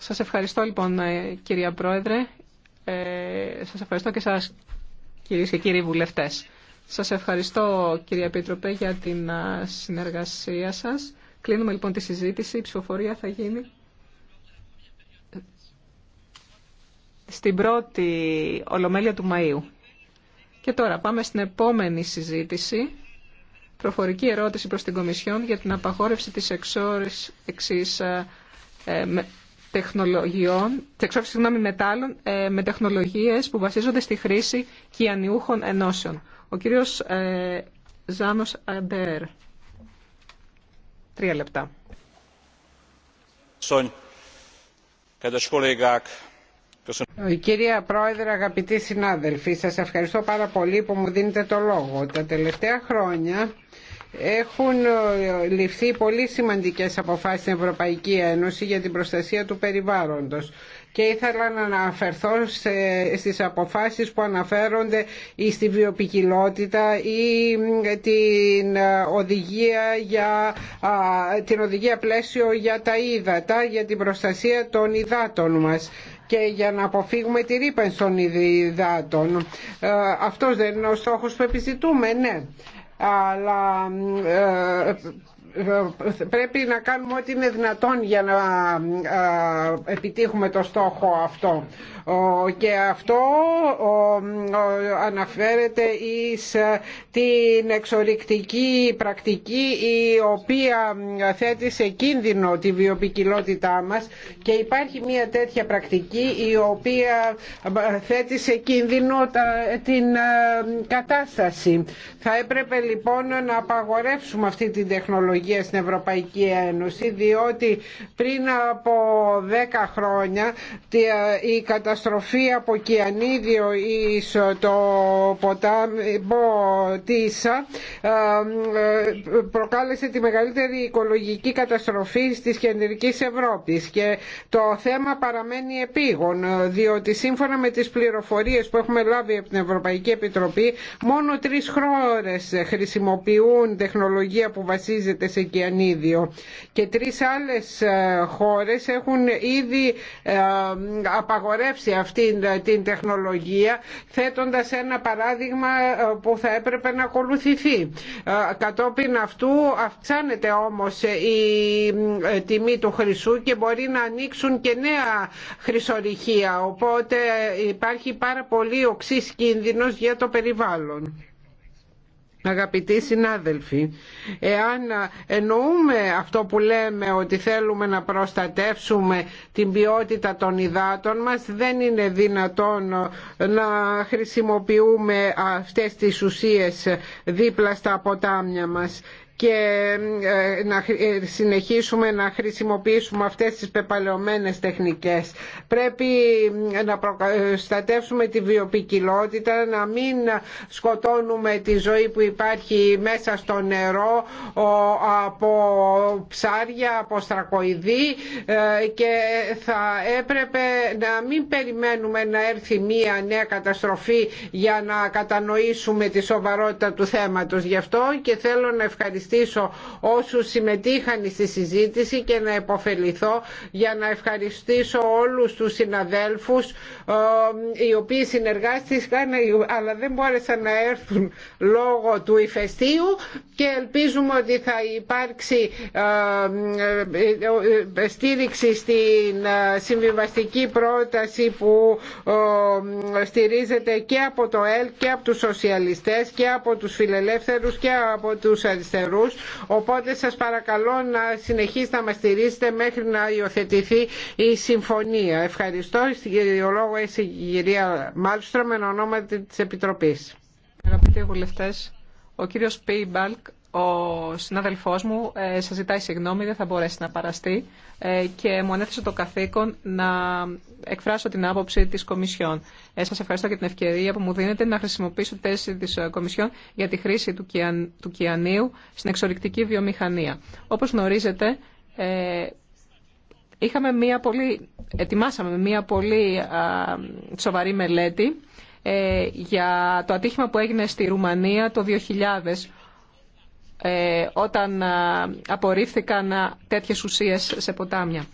Σας ευχαριστώ λοιπόν ε, κυρία Πρόεδρε. Ε, σας ευχαριστώ και σας κυρίες και κύριοι βουλευτές. Σας ευχαριστώ κυρία Επίτροπε για την ε, συνεργασία σας. Κλείνουμε λοιπόν τη συζήτηση. Η ψηφοφορία θα γίνει στην πρώτη Ολομέλεια του Μαΐου. Και τώρα πάμε στην επόμενη συζήτηση. Προφορική ερώτηση προς την Κομισιόν για την απαγόρευση της εξόρυξης ε, ε τεχνολογιών, εξόψη συγγνώμη μετάλλων ε, με τεχνολογίες που βασίζονται στη χρήση κυανιούχων ενώσεων. Ο κύριος ε, Ζάνος Αντέρ. Τρία λεπτά. Ε, κυρία Πρόεδρε, αγαπητοί συνάδελφοι, σας ευχαριστώ πάρα πολύ που μου δίνετε το λόγο. Τα τελευταία χρόνια έχουν ε, ληφθεί πολύ σημαντικές αποφάσεις στην Ευρωπαϊκή Ένωση για την προστασία του περιβάλλοντος και ήθελα να αναφερθώ στις αποφάσεις που αναφέρονται ή στη βιοπικιλότητα ή ε, την ε, οδηγία, για, την οδηγία πλαίσιο για τα ύδατα, για την προστασία των υδάτων μας και για να αποφύγουμε τη ρήπανση των υδάτων. Αυτός δεν είναι ο στόχος που επιζητούμε, ναι αλλά ε, πρέπει να κάνουμε ό,τι είναι δυνατόν για να επιτύχουμε το στόχο αυτό. Και αυτό αναφέρεται εις ε, την εξορρυκτική πρακτική η οποία θέτει σε κίνδυνο τη βιοπικιλότητά μας και υπάρχει μια τέτοια πρακτική η οποία ε, θέτει σε κίνδυνο την ε, κατάσταση. Θα έπρεπε λοιπόν να απαγορεύσουμε αυτή την τεχνολογία στην Ευρωπαϊκή Ένωση διότι πριν από 10 χρόνια η καταστροφή από Κιανίδιο εις το ποτάμι Τίσα ε, ε, προκάλεσε τη μεγαλύτερη οικολογική καταστροφή της κεντρικής Ευρώπης και το θέμα παραμένει επίγον διότι σύμφωνα με τις πληροφορίες που έχουμε λάβει από την Ευρωπαϊκή Επιτροπή μόνο τρεις χώρες χρησιμοποιούν τεχνολογία που βασίζεται και τρεις άλλες ε, χώρες έχουν ήδη ε, απαγορεύσει αυτή ε, την τεχνολογία θέτοντας ένα παράδειγμα που θα έπρεπε να ακολουθηθεί. Κατόπιν αυτού αυξάνεται όμως η τιμή του χρυσού και μπορεί να ανοίξουν και νέα χρυσορυχεία οπότε υπάρχει πάρα πολύ οξύ κίνδυνος για το περιβάλλον. Αγαπητοί συνάδελφοι, εάν εννοούμε αυτό που λέμε ότι θέλουμε να προστατεύσουμε την ποιότητα των υδάτων μας, δεν είναι δυνατόν να χρησιμοποιούμε αυτές τις ουσίες δίπλα στα ποτάμια μας και ε, να ε, συνεχίσουμε να χρησιμοποιήσουμε αυτές τις πεπαλαιωμένες τεχνικές. Πρέπει ε, να προστατεύσουμε τη βιοπικιλότητα, να μην σκοτώνουμε τη ζωή που υπάρχει μέσα στο νερό από ψάρια, από στρακοειδή και θα έπρεπε να μην περιμένουμε να έρθει μία νέα καταστροφή για να κατανοήσουμε τη σοβαρότητα του θέματος. Γι' αυτό και θέλω να ευχαριστήσω ευχαριστήσω όσους συμμετείχαν στη συζήτηση και να υποφεληθώ για να ευχαριστήσω όλους τους συναδέλφους ε, οι οποίοι συνεργάστηκαν αλλά δεν μπόρεσαν να έρθουν λόγω του ηφαιστείου και ελπίζουμε ότι θα υπάρξει ε, ε, στήριξη στην συμβιβαστική πρόταση που στηρίζεται και από το ΕΛ και από τους σοσιαλιστές και από τους φιλελεύθερους και από τους αριστερούς καιρούς οπότε σας παρακαλώ να συνεχίσετε να μας στηρίζετε μέχρι να υιοθετηθεί η συμφωνία. Ευχαριστώ στην η κυρία Μάλστρο με ονόματι της Επιτροπής. Αγαπητοί βουλευτές, ο κύριος Πίμπαλκ, ο συνάδελφός μου ε, σας ζητάει συγγνώμη, δεν θα μπορέσει να παραστεί ε, και μου ανέθεσε το καθήκον να εκφράσω την άποψη της Κομισιόν. Ε, σας ευχαριστώ για την ευκαιρία που μου δίνετε να χρησιμοποιήσω τη θέση της ε, Κομισιόν για τη χρήση του, κιαν, του κιανίου στην εξορρυκτική βιομηχανία. Όπως γνωρίζετε, ε, είχαμε μία πολύ, ετοιμάσαμε μία πολύ σοβαρή μελέτη ε, για το ατύχημα που έγινε στη Ρουμανία το 2000 ε, όταν απορρίφθηκαν τέτοιες ουσίες σε ποτάμια.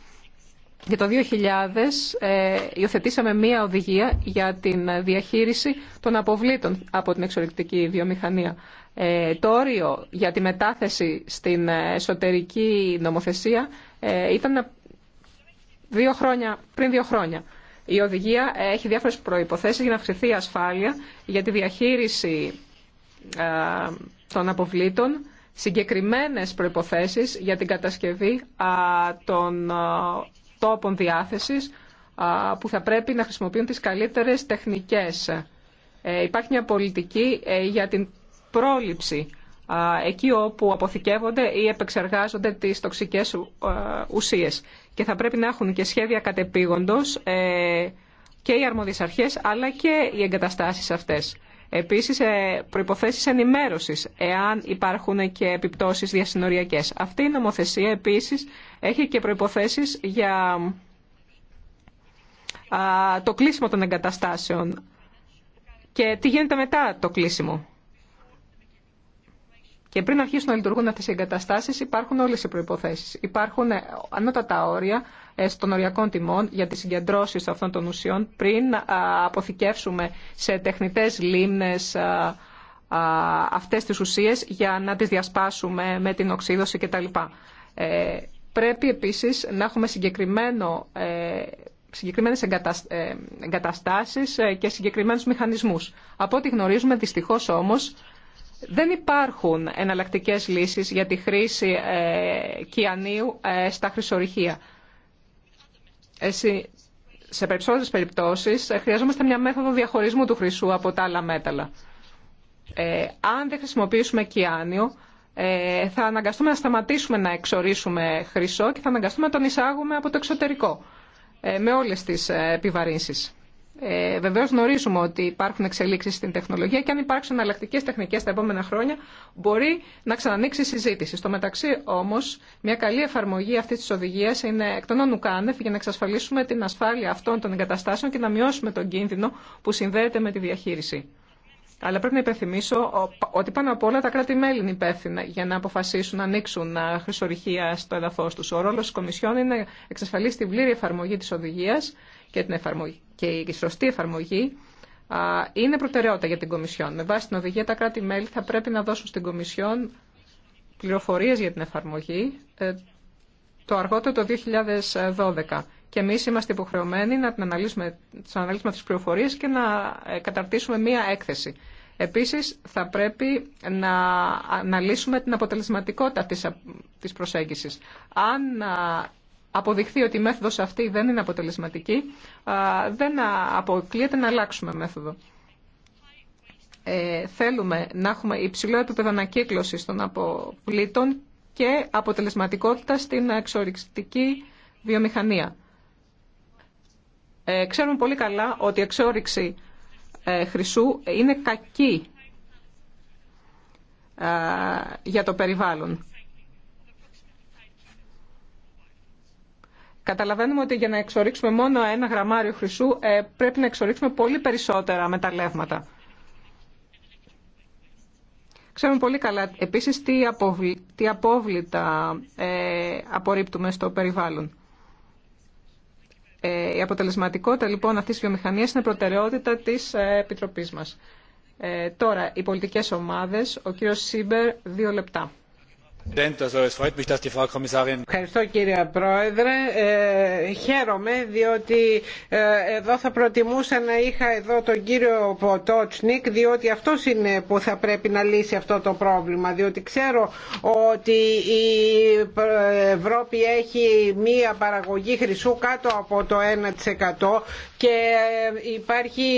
Για το 2000 ε, υιοθετήσαμε μία οδηγία για την διαχείριση των αποβλήτων από την εξορρυκτική βιομηχανία. Ε, το όριο για τη μετάθεση στην εσωτερική νομοθεσία ε, ήταν δύο χρόνια, πριν δύο χρόνια. Η οδηγία έχει διάφορες προϋποθέσεις για να αυξηθεί η ασφάλεια για τη διαχείριση των αποβλήτων, συγκεκριμένες προϋποθέσεις για την κατασκευή των τόπων διάθεσης που θα πρέπει να χρησιμοποιούν τις καλύτερες τεχνικές. Ε, υπάρχει μια πολιτική ε, για την πρόληψη εκεί όπου αποθηκεύονται ή επεξεργάζονται τις τοξικές ε, ουσίες. Και θα πρέπει να έχουν και σχέδια κατεπήγοντος και οι αρμόδιες αρχές αλλά και οι εγκαταστάσεις αυτές. Επίσης, ε, προϋποθέσεις ενημέρωσης, εάν υπάρχουν και επιπτώσεις διασυνοριακές. Αυτή η νομοθεσία, επίσης, έχει και προϋποθέσεις για το κλείσιμο των εγκαταστάσεων και τι γίνεται μετά το κλείσιμο. Και πριν αρχίσουν να λειτουργούν αυτές οι εγκαταστάσεις υπάρχουν όλες οι προϋποθέσεις. Υπάρχουν ε, ανώτατα όρια ε, των οριακών τιμών για τις συγκεντρώσεις αυτών των ουσιών πριν αποθηκεύσουμε σε τεχνητές λίμνες αυτές τις ουσίες για να τις διασπάσουμε με την οξύδωση κτλ. Ε, πρέπει επίσης να έχουμε συγκεκριμένο ε, συγκεκριμένες εγκαταστάσεις και συγκεκριμένους μηχανισμούς. Από ό,τι γνωρίζουμε, δυστυχώς όμως, δεν υπάρχουν εναλλακτικές λύσεις για τη χρήση κιανίου στα χρυσορυχεία. Εσύ, σε περισσότερες περιπτώσεις χρειαζόμαστε μια μέθοδο διαχωρισμού του χρυσού από τα άλλα μέταλλα. Ε, αν δεν χρησιμοποιήσουμε κιάνιο, ε, θα αναγκαστούμε να σταματήσουμε να εξορίσουμε χρυσό και θα αναγκαστούμε να τον εισάγουμε από το εξωτερικό, ε, με όλες τις ε, επιβαρύνσεις. Ε, Βεβαίω γνωρίζουμε ότι υπάρχουν εξελίξει στην τεχνολογία και αν υπάρξουν εναλλακτικέ τεχνικέ τα επόμενα χρόνια μπορεί να ξανανοίξει η συζήτηση. Στο μεταξύ όμω, μια καλή εφαρμογή αυτή τη οδηγία είναι εκ των ονουκάνευ για να εξασφαλίσουμε την ασφάλεια αυτών των εγκαταστάσεων και να μειώσουμε τον κίνδυνο που συνδέεται με τη διαχείριση. Αλλά πρέπει να υπενθυμίσω ότι πάνω απ' όλα τα κράτη-μέλη είναι υπεύθυνα για να αποφασίσουν να ανοίξουν χρυσορυχία στο εδαφό του. Ο ρόλο τη Κομισιόν είναι εξασφαλίσει την πλήρη εφαρμογή τη οδηγία και, την εφαρμογή, και η σωστή εφαρμογή είναι προτεραιότητα για την Κομισιόν. Με βάση την οδηγία τα κράτη-μέλη θα πρέπει να δώσουν στην Κομισιόν πληροφορίες για την εφαρμογή ε, το αργότερο το 2012. Και εμείς είμαστε υποχρεωμένοι να την αναλύσουμε, τις αναλύσουμε τις πληροφορίες και να ε, καταρτήσουμε μία έκθεση. Επίσης θα πρέπει να αναλύσουμε την αποτελεσματικότητα της προσέγγισης. Αν αποδειχθεί ότι η μέθοδος αυτή δεν είναι αποτελεσματική, δεν αποκλείεται να αλλάξουμε μέθοδο. Ε, θέλουμε να έχουμε υψηλό επίπεδο ανακύκλωση των αποπλήτων και αποτελεσματικότητα στην εξοριξτική βιομηχανία. Ε, ξέρουμε πολύ καλά ότι η εξόριξη ε, χρυσού είναι κακή ε, για το περιβάλλον. Καταλαβαίνουμε ότι για να εξορίξουμε μόνο ένα γραμμάριο χρυσού ε, πρέπει να εξορίξουμε πολύ περισσότερα μεταλλεύματα. Ξέρουμε πολύ καλά επίσης τι, απόβλητα ε, απορρίπτουμε στο περιβάλλον. Ε, η αποτελεσματικότητα λοιπόν αυτής της βιομηχανίας είναι προτεραιότητα της ε, Επιτροπής μας. Ε, τώρα, οι πολιτικές ομάδες, ο κύριος Σίμπερ, δύο λεπτά. Ευχαριστώ κύριε Πρόεδρε. Ε, χαίρομαι διότι ε, εδώ θα προτιμούσα να είχα εδώ τον κύριο Ποτότσνικ διότι αυτό είναι που θα πρέπει να λύσει αυτό το πρόβλημα διότι ξέρω ότι η Ευρώπη έχει μία παραγωγή χρυσού κάτω από το 1% και υπάρχει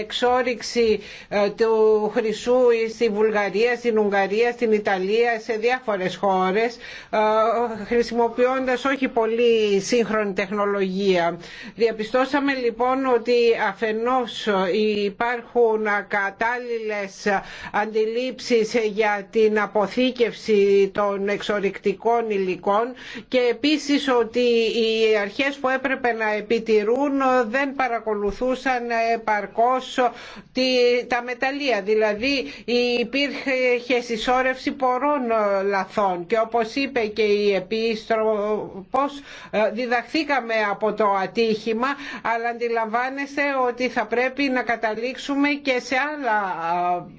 εξόριξη ε, του χρυσού στη Βουλγαρία, στην Ουγγαρία, στην Ιταλία, σε διάφορες χώρες ε, χρησιμοποιώντας όχι πολύ σύγχρονη τεχνολογία. Διαπιστώσαμε λοιπόν ότι αφενός υπάρχουν κατάλληλες αντιλήψεις για την αποθήκευση των εξορυκτικών υλικών και επίσης ότι οι αρχές που έπρεπε να επιτηρούν δεν παρακολουθούσαν επαρκώς τα μεταλλεία. Δηλαδή υπήρχε συσσόρευση πορών λαθών και όπως είπε και η Επίστροπος ε, διδαχθήκαμε από το ατύχημα αλλά αντιλαμβάνεστε ότι θα πρέπει να καταλήξουμε και σε άλλα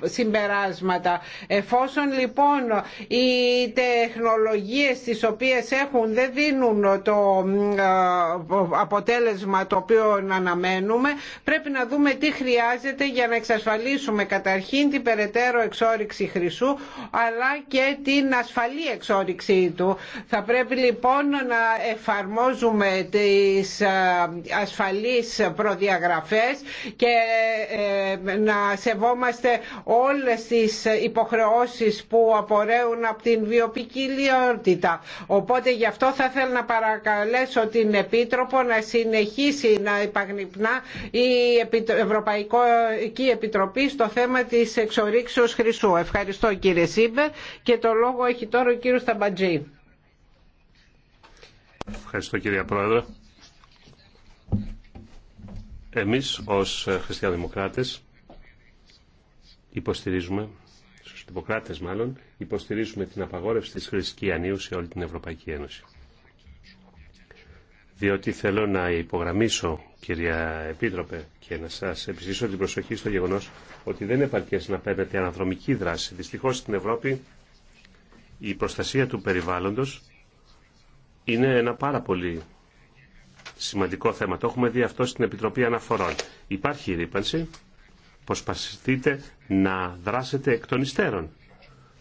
ε, συμπεράσματα. Εφόσον λοιπόν οι τεχνολογίες τις οποίες έχουν δεν δίνουν το ε, αποτέλεσμα το οποίο αναμένουμε πρέπει να δούμε τι χρειάζεται για να εξασφαλίσουμε καταρχήν την περαιτέρω εξόριξη χρυσού αλλά και την ασφαλή καλή εξόριξή του. Θα πρέπει λοιπόν να εφαρμόζουμε τις ε, ασφαλείς προδιαγραφές και ε, να σεβόμαστε όλες τις υποχρεώσεις που απορρέουν από την βιοπικιλιότητα. Οπότε γι' αυτό θα θέλω να παρακαλέσω την Επίτροπο να συνεχίσει να υπαγνυπνά η Ευρωπαϊκή Επιτροπή στο θέμα της εξορίξεως χρυσού. Ευχαριστώ κύριε Σίμπερ και το λόγο έχει κύριος Ευχαριστώ κύρια Πρόεδρε. Εμείς ως ε, χριστιανοδημοκράτες υποστηρίζουμε, στους δημοκράτες μάλλον, υποστηρίζουμε την απαγόρευση της χριστιανίου σε όλη την Ευρωπαϊκή Ένωση. Διότι θέλω να υπογραμμίσω, κυρία Επίτροπε, και να σας επιστήσω την προσοχή στο γεγονός ότι δεν είναι να παίρνετε αναδρομική δράση. Δυστυχώς στην Ευρώπη η προστασία του περιβάλλοντος είναι ένα πάρα πολύ σημαντικό θέμα. Το έχουμε δει αυτό στην Επιτροπή Αναφορών. Υπάρχει ρήπανση, προσπαθείτε να δράσετε εκ των υστέρων.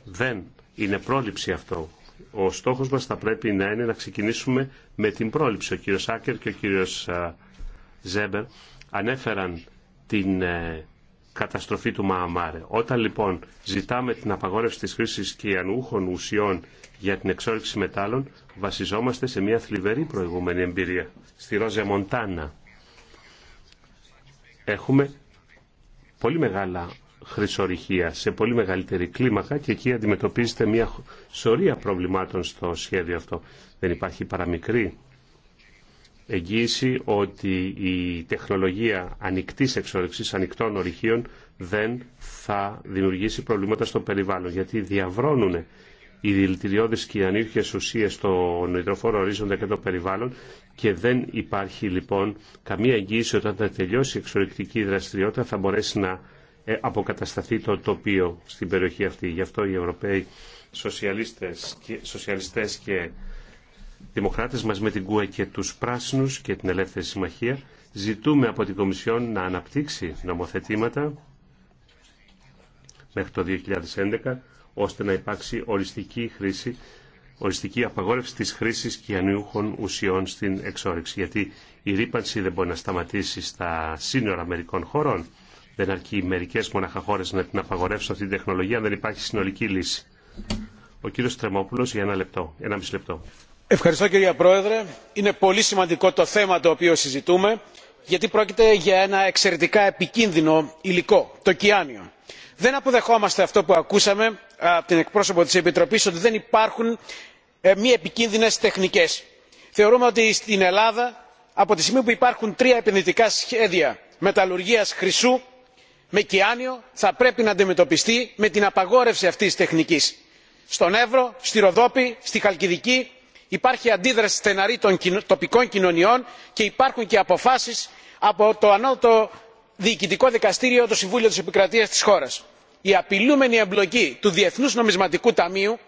Δεν είναι πρόληψη αυτό. Ο στόχος μας θα πρέπει να είναι να ξεκινήσουμε με την πρόληψη. Ο κύριος Άκερ και ο κύριος Ζέμπερ ανέφεραν την ε, καταστροφή του Μααμάρε. Όταν λοιπόν ζητάμε την απαγόρευση της χρήσης κυανούχων ουσιών για την εξόρυξη μετάλλων, βασιζόμαστε σε μια θλιβερή προηγούμενη εμπειρία. Στη Ρόζε Μοντάνα έχουμε πολύ μεγάλα χρυσορυχία σε πολύ μεγαλύτερη κλίμακα και εκεί αντιμετωπίζεται μια σωρία προβλημάτων στο σχέδιο αυτό. Δεν υπάρχει παραμικρή εγγύηση ότι η τεχνολογία ανοιχτή εξόρυξης, ανοιχτών ορυχείων δεν θα δημιουργήσει προβλήματα στο περιβάλλον γιατί διαβρώνουν οι δηλητηριώδεις και οι ανήρχες ουσίες στον υδροφόρο ορίζοντα και το περιβάλλον και δεν υπάρχει λοιπόν καμία εγγύηση ότι όταν θα τελειώσει η εξορυκτική δραστηριότητα θα μπορέσει να ε, αποκατασταθεί το τοπίο στην περιοχή αυτή. Γι' αυτό οι Ευρωπαίοι σοσιαλιστές και, σοσιαλιστές και Δημοκράτες μα με την ΚΟΕ και τους Πράσινους και την Ελεύθερη Συμμαχία ζητούμε από την Κομισιόν να αναπτύξει νομοθετήματα μέχρι το 2011 ώστε να υπάρξει οριστική χρήση οριστική απαγόρευση της χρήσης ανιούχων ουσιών στην εξόρυξη. Γιατί η ρήπανση δεν μπορεί να σταματήσει στα σύνορα μερικών χωρών. Δεν αρκεί μερικέ μοναχα χώρες να την απαγορεύσουν αυτή την τεχνολογία δεν υπάρχει συνολική λύση. Ο κύριο Τρεμόπουλο για ένα λεπτό, ένα μισή λεπτό. Ευχαριστώ κυρία πρόεδρε είναι πολύ σημαντικό το θέμα το οποίο συζητούμε γιατί πρόκειται για ένα εξαιρετικά επικίνδυνο υλικό το κυάνιο. δεν αποδεχόμαστε αυτό που ακούσαμε από την εκπρόσωπο της επιτροπής ότι δεν υπάρχουν ε, μη επικίνδυνες τεχνικές. θεωρούμε ότι στην ελλάδα από τη στιγμή που υπάρχουν τρία επενδυτικά σχέδια μεταλλουργίας χρυσού με κυάνιο θα πρέπει να αντιμετωπιστεί με την απαγόρευση αυτής της τεχνικής στον εύρο στη ροδόπη στη χαλκιδική υπάρχει αντίδραση στεναρή των τοπικών κοινωνιών και υπάρχουν και αποφάσεις από το ανώτατο διοικητικό δικαστήριο το συμβούλιο της επικρατείας της χώρας. η απειλούμενη εμπλοκή του διεθνούς νομισματικού ταμείου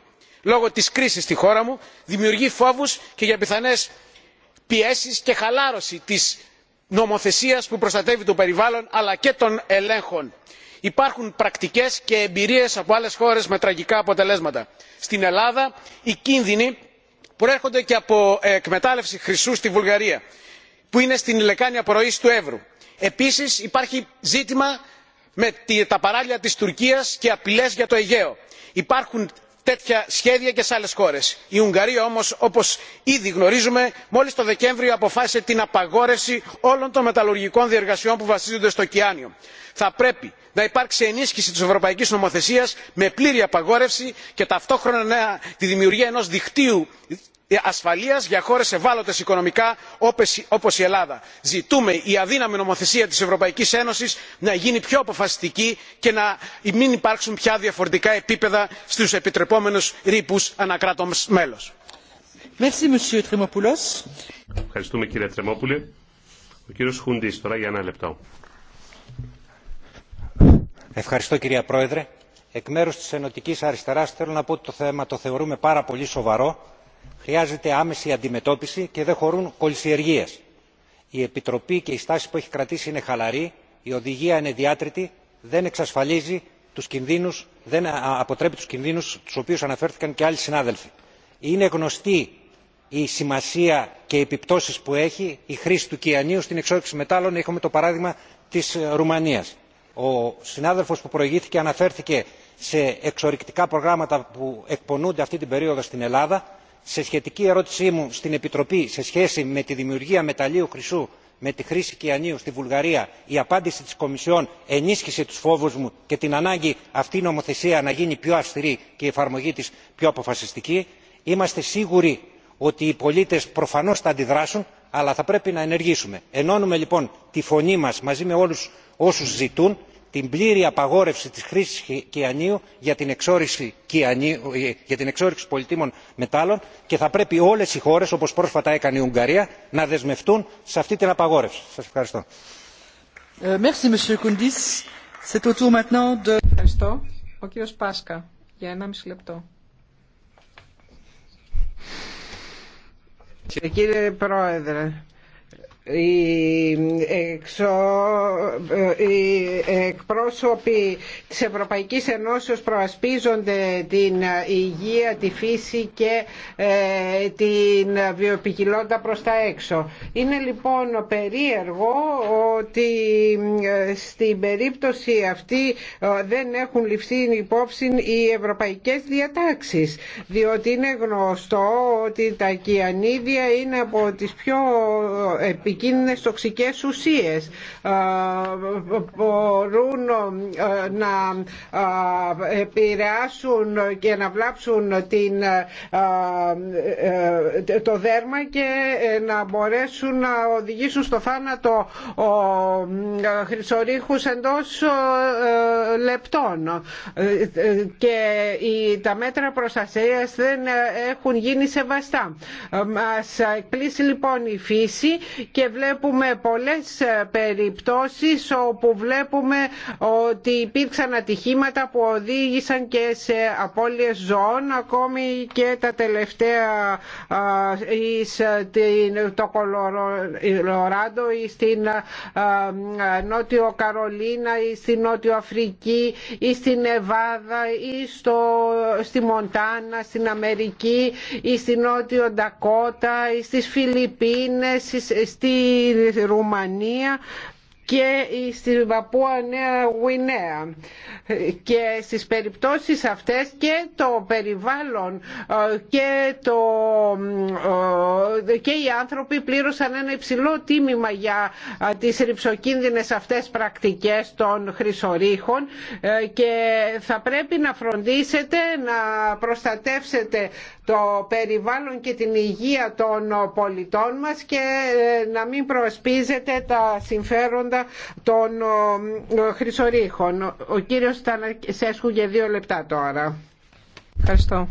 λόγω της κρίσης στη χώρα μου δημιουργεί φόβους και για πιθανές πιέσεις και χαλάρωση της νομοθεσίας που προστατεύει το περιβάλλον αλλά και των ελέγχων. υπάρχουν πρακτικές και εμπειρίες από άλλες χώρες με τραγικά αποτελέσματα. στην ελλάδα οι κίνδυνοι προέρχονται και από ε, εκμετάλλευση χρυσού στη βουλγαρία που είναι στην λεκάνη απορροής του εύρου. επίσης υπάρχει ζήτημα με τα παράλια της τουρκίας και απειλές για το αιγαίο. υπάρχουν τέτοια σχέδια και σε άλλες χώρες. η ουγγαρία όμως όπως ήδη γνωρίζουμε μόλις το δεκέμβριο αποφάσισε την απαγόρευση όλων των μεταλλουργικών διεργασιών που βασίζονται στο κιάνιο. θα πρέπει να υπάρξει ενίσχυση της ευρωπαϊκής νομοθεσίας με πλήρη απαγόρευση και ταυτόχρονα τη δημιουργία ενός δικτύου ε, ασφαλείας για χώρες ευάλωτες οικονομικά όπως η ελλάδα. ζητούμε η αδύναμη νομοθεσία της ευρωπαϊκής ένωσης να γίνει πιο αποφασιστική και να μην υπάρξουν πια διαφορετικά επίπεδα στους επιτρεπόμενους ρήπου ανά κράτος μέλος. Ευχαριστούμε κύριε Τρεμόπουλε. Ο τώρα για ένα λεπτό. Ευχαριστώ κυρία Πρόεδρε. Εκ μέρους της Ενωτικής Αριστεράς θέλω να πω ότι το θέμα το θεωρούμε πάρα πολύ σοβαρό χρειάζεται άμεση αντιμετώπιση και δεν χωρούν κολυσιεργίες. η επιτροπή και η στάση που έχει κρατήσει είναι χαλαρή η οδηγία είναι διάτρητη δεν εξασφαλίζει τους κινδύνους δεν αποτρέπει τους κινδύνους στους οποίους αναφέρθηκαν και άλλοι συνάδελφοι. είναι γνωστή η σημασία και οι επιπτώσεις που έχει η χρήση του κυανίου στην εξόρυξη μετάλλων έχουμε το παράδειγμα της ε, ρουμανίας. ο συνάδελφος που προηγήθηκε αναφέρθηκε σε εξορυκτικά προγράμματα που εκπονούνται αυτή την περίοδο στην ελλάδα σε σχετική ερώτησή μου στην επιτροπή σε σχέση με τη δημιουργία μεταλλείου χρυσού με τη χρήση κυανίου στη βουλγαρία η απάντηση της κομισιόν ενίσχυσε τους φόβους μου και την ανάγκη αυτή η νομοθεσία να γίνει πιο αυστηρή και η εφαρμογή της πιο αποφασιστική. είμαστε σίγουροι ότι οι πολίτες προφανώς θα αντιδράσουν αλλά θα πρέπει να ενεργήσουμε. ενώνουμε λοιπόν τη φωνή μα μαζί με όλου όσου ζητούν την πλήρη απαγόρευση της χρήσης κυανίου ε, για την εξόριξη πολυτήμων μετάλλων και θα πρέπει όλες οι χώρες όπως πρόσφατα έκανε η ουγγαρία να δεσμευτούν σε αυτή την απαγόρευση. σας ευχαριστώ. λεπτό. Ε, κύριε Πρόεδρε, ε, οι εκπρόσωποι της Ευρωπαϊκής Ενώσεως προασπίζονται την υγεία, τη φύση και ε, την βιοπικιλότητα προς τα έξω. Είναι λοιπόν περίεργο ότι ε, στην περίπτωση αυτή δεν έχουν ληφθεί υπόψη οι ευρωπαϊκές διατάξεις διότι είναι γνωστό ότι τα κιανίδια είναι από τις πιο επικίνδυνες τοξικές ουσίες μπορούν να επηρεάσουν και να βλάψουν την, ε, ε, το δέρμα και ε, να μπορέσουν να οδηγήσουν στο θάνατο χρυσορίχους εντός λεπτών και τα μέτρα προστασίας δεν έχουν γίνει σεβαστά. Μας εκπλήσει λοιπόν η φύση και και βλέπουμε πολλές ε, περιπτώσεις όπου βλέπουμε ότι υπήρξαν ατυχήματα που οδήγησαν και σε απώλειες ζώων ακόμη και τα τελευταία εις το Κολοράντο ή στην Νότιο Καρολίνα ή στην Νότιο Αφρική ή στην Εβάδα ή στο, στη Μοντάνα, στην Αμερική ή στην Νότιο Ντακότα ή στις Φιλιππίνες, Ρουμανία και στη Βαπούα Νέα Γουινέα και στις περιπτώσεις αυτές και το περιβάλλον ε, και, το, ε, ε, και οι άνθρωποι πλήρωσαν ένα υψηλό τίμημα για τις ρηψοκίνδυνες αυτές πρακτικές των χρυσορίχων και θα πρέπει να φροντίσετε να προστατεύσετε το περιβάλλον και την υγεία των πολιτών μας και να μην προσπίζετε τα συμφέροντα των χρυσορίχων. Ο κύριος Στανασέσκου για δύο λεπτά τώρα. Ευχαριστώ.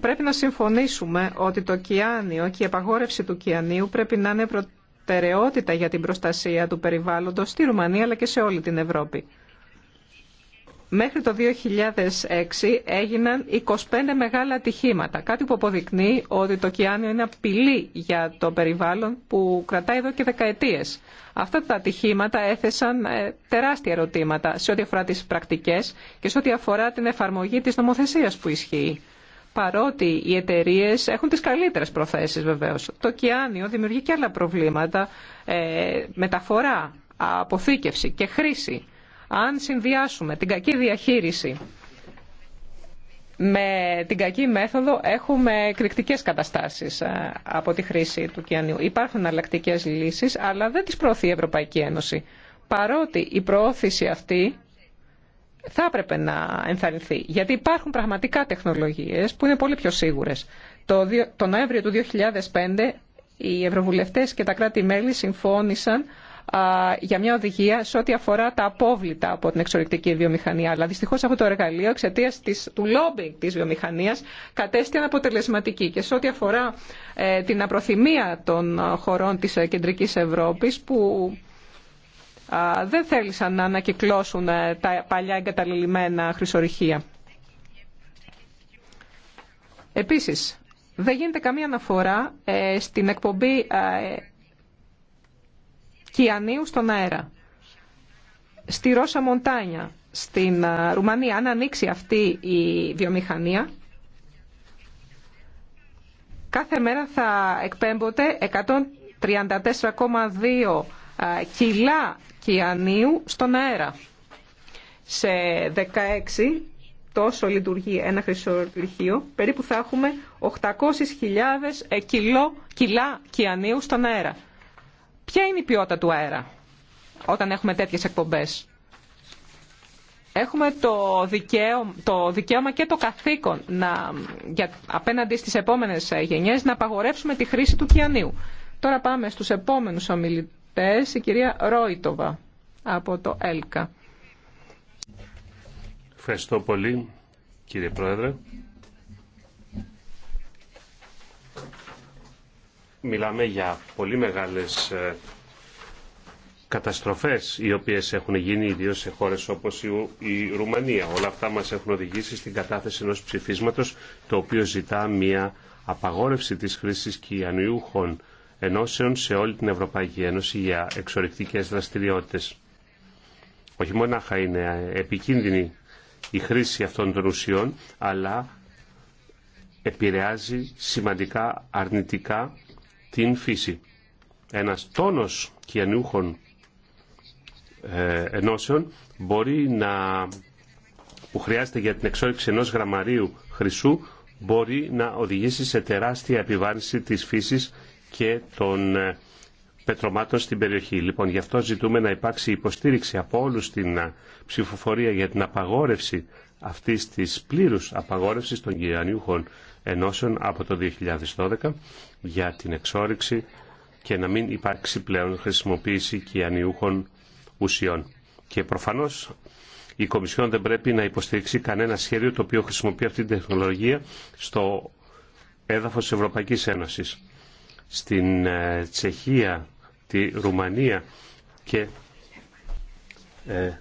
Πρέπει να συμφωνήσουμε ότι το κιάνιο και η απαγόρευση του κιανίου πρέπει να είναι προτεραιότητα για την προστασία του περιβάλλοντος στη Ρουμανία αλλά και σε όλη την Ευρώπη. Μέχρι το 2006 έγιναν 25 μεγάλα ατυχήματα, κάτι που αποδεικνύει ότι το ωκεάνιο είναι απειλή για το περιβάλλον που κρατάει εδώ και δεκαετίες. Αυτά τα ατυχήματα έθεσαν ε, τεράστια ερωτήματα σε ό,τι αφορά τις πρακτικές και σε ό,τι αφορά την εφαρμογή της νομοθεσίας που ισχύει. Παρότι οι εταιρείε έχουν τις καλύτερες προθέσει βεβαίω. Το ωκεάνιο δημιουργεί και άλλα προβλήματα, ε, μεταφορά, αποθήκευση και χρήση αν συνδυάσουμε την κακή διαχείριση με την κακή μέθοδο έχουμε εκρηκτικές καταστάσεις ε, από τη χρήση του κιανίου. Υπάρχουν εναλλακτικέ λύσεις, αλλά δεν τις προωθεί η Ευρωπαϊκή Ένωση. Παρότι η προώθηση αυτή θα έπρεπε να ενθαρρυνθεί, γιατί υπάρχουν πραγματικά τεχνολογίες που είναι πολύ πιο σίγουρες. Το, το Νοέμβριο του 2005 οι Ευρωβουλευτές και τα κράτη-μέλη συμφώνησαν για μια οδηγία σε ό,τι αφορά τα απόβλητα από την εξορρυκτική βιομηχανία. Αλλά δυστυχώ αυτό το εργαλείο εξαιτία του λόμπινγκ της βιομηχανίας κατέστη αναποτελεσματική και σε ό,τι αφορά ε, την απροθυμία των χωρών της ε, Κεντρική Ευρώπη, που δεν θέλησαν να ανακυκλώσουν ε, τα παλιά εγκαταλελειμμένα χρυσορυχεία. Επίσης, δεν γίνεται καμία αναφορά στην εκπομπή κιανίου στον αέρα. Στη Ρώσα Μοντάνια, στην ε, Ρουμανία, αν ανοίξει αυτή η βιομηχανία, κάθε μέρα θα εκπέμποτε 134,2 κιλά κιανίου στον αέρα. Σε 16 τόσο λειτουργεί ένα χρυσό περίπου θα έχουμε 800.000 ε, κιλά κιανίου στον αέρα. Ποια είναι η ποιότητα του αέρα όταν έχουμε τέτοιες εκπομπές. Έχουμε το δικαίωμα, το και το καθήκον να, για, απέναντι στις επόμενες γενιές να απαγορεύσουμε τη χρήση του κιανίου. Τώρα πάμε στους επόμενους ομιλητές, η κυρία Ρόιτοβα από το ΕΛΚΑ. Ευχαριστώ πολύ κύριε Πρόεδρε. μιλάμε για πολύ μεγάλες ε, καταστροφές οι οποίες έχουν γίνει ιδίω σε χώρες όπως η Ρουμανία. Όλα αυτά μας έχουν οδηγήσει στην κατάθεση ενός ψηφίσματος το οποίο ζητά μια απαγόρευση της χρήσης κυανιούχων ενώσεων σε όλη την Ευρωπαϊκή Ένωση για εξορρυκτικές δραστηριότητες. Όχι μονάχα είναι επικίνδυνη η χρήση αυτών των ουσιών, αλλά επηρεάζει σημαντικά αρνητικά την φύση. Ένας τόνος κυανούχων ε, ενώσεων μπορεί να, που χρειάζεται για την εξόρυξη ενός γραμμαρίου χρυσού μπορεί να οδηγήσει σε τεράστια επιβάρυνση της φύσης και των ε, πετρωμάτων στην περιοχή. Λοιπόν, γι' αυτό ζητούμε να υπάρξει υποστήριξη από όλους στην ε, ψηφοφορία για την απαγόρευση αυτής της πλήρους απαγόρευσης των κυριανιούχων ενώσεων από το 2012 για την εξόριξη και να μην υπάρξει πλέον χρησιμοποίηση κυριανιούχων ουσιών. Και προφανώς η Κομισιόν δεν πρέπει να υποστηρίξει κανένα σχέδιο το οποίο χρησιμοποιεί αυτή την τεχνολογία στο έδαφος της Ευρωπαϊκής Ένωσης. Στην ε, Τσεχία, τη Ρουμανία και ε,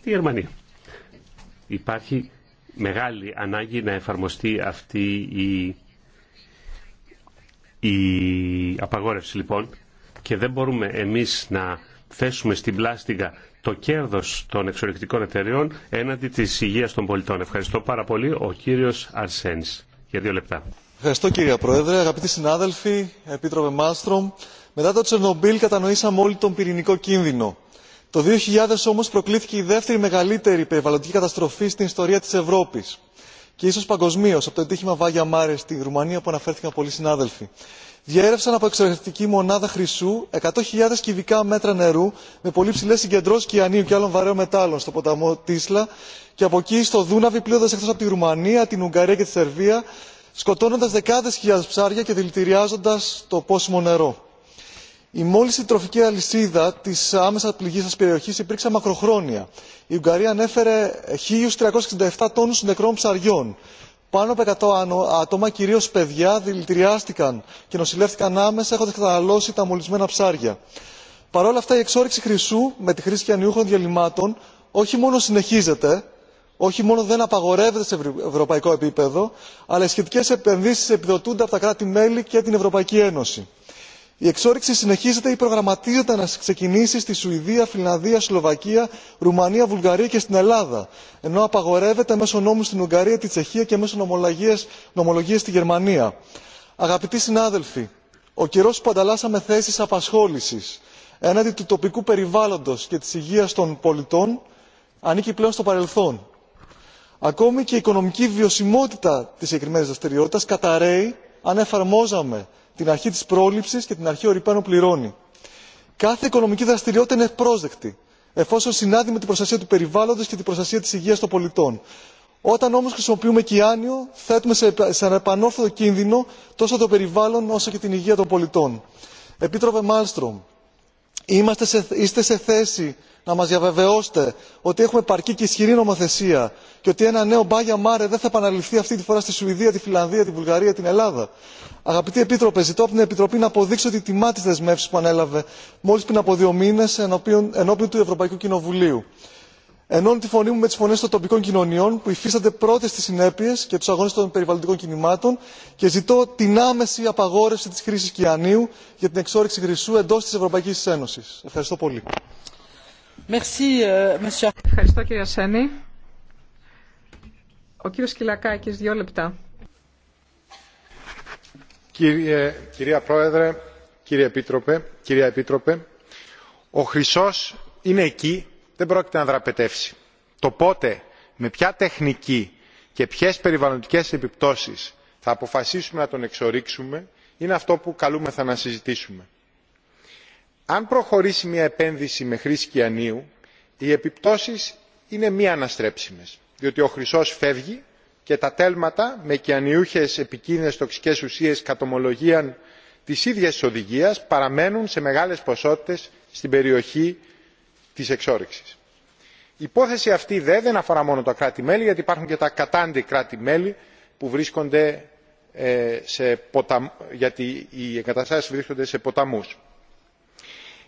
και τη Γερμανία. Υπάρχει μεγάλη ανάγκη να εφαρμοστεί αυτή η, η απαγόρευση λοιπόν και δεν μπορούμε εμείς να θέσουμε στην πλάστηκα το κέρδος των εξορρυκτικών εταιρεών έναντι της υγείας των πολιτών. Ευχαριστώ πάρα πολύ. Ο κύριος Αρσένης. Για δύο λεπτά. Ευχαριστώ κύριε Πρόεδρε, αγαπητοί συνάδελφοι, Επίτροπε Μάστρομ. Μετά το Τσερνομπίλ κατανοήσαμε όλοι τον πυρηνικό κίνδυνο το 2000 όμως προκλήθηκε η δεύτερη μεγαλύτερη περιβαλλοντική καταστροφή στην ιστορία της Ευρώπης και ίσως παγκοσμίω από το ατύχημα Βάγια Μάρε στη Ρουμανία που αναφέρθηκαν πολλοί συνάδελφοι. Διέρευσαν από εξωτερική μονάδα χρυσού 100.000 κυβικά μέτρα νερού με πολύ ψηλέ συγκεντρώσει κυανίου και άλλων βαρέων μετάλλων στο ποταμό Τίσλα και από εκεί στο Δούναβι πλέοντα εκτό από τη Ρουμανία, την Ουγγαρία και τη Σερβία, σκοτώνοντα δεκάδε χιλιάδε ψάρια και δηλητηριάζοντα το πόσιμο νερό η μόλυνση τροφική αλυσίδα τη άμεσα πληγή σα περιοχή υπήρξε μακροχρόνια. η ουγγαρία ανέφερε 1.367 τόνου νεκρών ψαριών. πάνω από 100 άτομα κυρίω παιδιά δηλητηριάστηκαν και νοσηλεύτηκαν άμεσα έχοντα καταναλώσει τα μολυσμένα ψάρια. παρ' όλα αυτά η εξόρυξη χρυσού με τη χρήση κυανιούχων διαλυμάτων όχι μόνο συνεχίζεται όχι μόνο δεν απαγορεύεται σε ευρωπαϊκό επίπεδο αλλά οι σχετικέ επενδύσει επιδοτούνται από τα κράτη μέλη και την ευρωπαϊκή ένωση η εξόριξη συνεχίζεται ή προγραμματίζεται να ξεκινήσει στη σουηδία φινλανδία σλοβακία ρουμανία βουλγαρία και στην ελλάδα ενώ απαγορεύεται μέσω νόμου στην ουγγαρία τη τσεχία και μέσω νομολογία στη γερμανία. αγαπητοί συνάδελφοι ο καιρό που ανταλλάσσαμε θέσει απασχόληση, έναντι του τοπικού περιβάλλοντο και τη υγεία των πολιτών ανήκει πλέον στο παρελθόν. ακόμη και η οικονομική βιωσιμότητα τη συγκεκριμένη δραστηριότητα καταρρέει αν εφαρμόζαμε την αρχή της πρόληψης και την αρχή ο πληρώνει. κάθε οικονομική δραστηριότητα είναι ευπρόσδεκτη εφόσον συνάδει με την προστασία του περιβάλλοντος και την προστασία της υγείας των πολιτών. όταν όμως χρησιμοποιούμε κιάνιο θέτουμε σε επανόρθωτο κίνδυνο τόσο το περιβάλλον όσο και την υγεία των πολιτών. επίτροπε Μάλστρομ είστε σε θέση να μας διαβεβαιώσετε ότι έχουμε επαρκή και ισχυρή νομοθεσία και ότι ένα νέο Μπάγια Μάρε δεν θα επαναληφθεί αυτή τη φορά στη σουηδία τη φιλανδία τη βουλγαρία την ελλάδα. αγαπητή επίτροπε ζητώ από την επιτροπή να αποδείξει ότι τιμά τις δεσμεύσεις που ανέλαβε μόλις πριν από δύο μήνες ενώπιον του ευρωπαϊκού κοινοβουλίου ενώνει τη φωνή μου με τι φωνέ των τοπικών κοινωνιών που υφίστανται πρώτε τι συνέπειε και του αγώνε των περιβαλλοντικών κινημάτων και ζητώ την άμεση απαγόρευση τη χρήση κιανίου για την εξόρυξη χρυσού εντό τη ευρωπαϊκή ένωση. ευχαριστώ πολύ. Euh, ευχαριστώ κύριε Ασένη. Ο κύριος Κυλακάκης, δύο λεπτά. Κύριε, κυρία Πρόεδρε, κύριε Επίτροπε, κυρία Επίτροπε, ο χρυσός είναι εκεί δεν πρόκειται να δραπετεύσει. το πότε με ποια τεχνική και ποιες περιβαλλοντικές επιπτώσεις θα αποφασίσουμε να τον εξορίξουμε είναι αυτό που καλούμεθα να συζητήσουμε. αν προχωρήσει μια επένδυση με χρήση κιανίου, οι επιπτώσεις είναι μη αναστρέψιμες διότι ο χρυσός φεύγει και τα τέλματα με κυανιούχες επικίνδυνες τοξικές ουσίες κατομολογίαν της ίδιας παραμένουν σε μεγάλες ποσότητες στην περιοχή της εξόρυξης. η υπόθεση αυτή δεν αφορά μόνο τα κράτη μέλη γιατί υπάρχουν και τα κατάντη κράτη μέλη που βρίσκονται ε, γιατί οι εγκαταστάσεις βρίσκονται σε ποταμούς.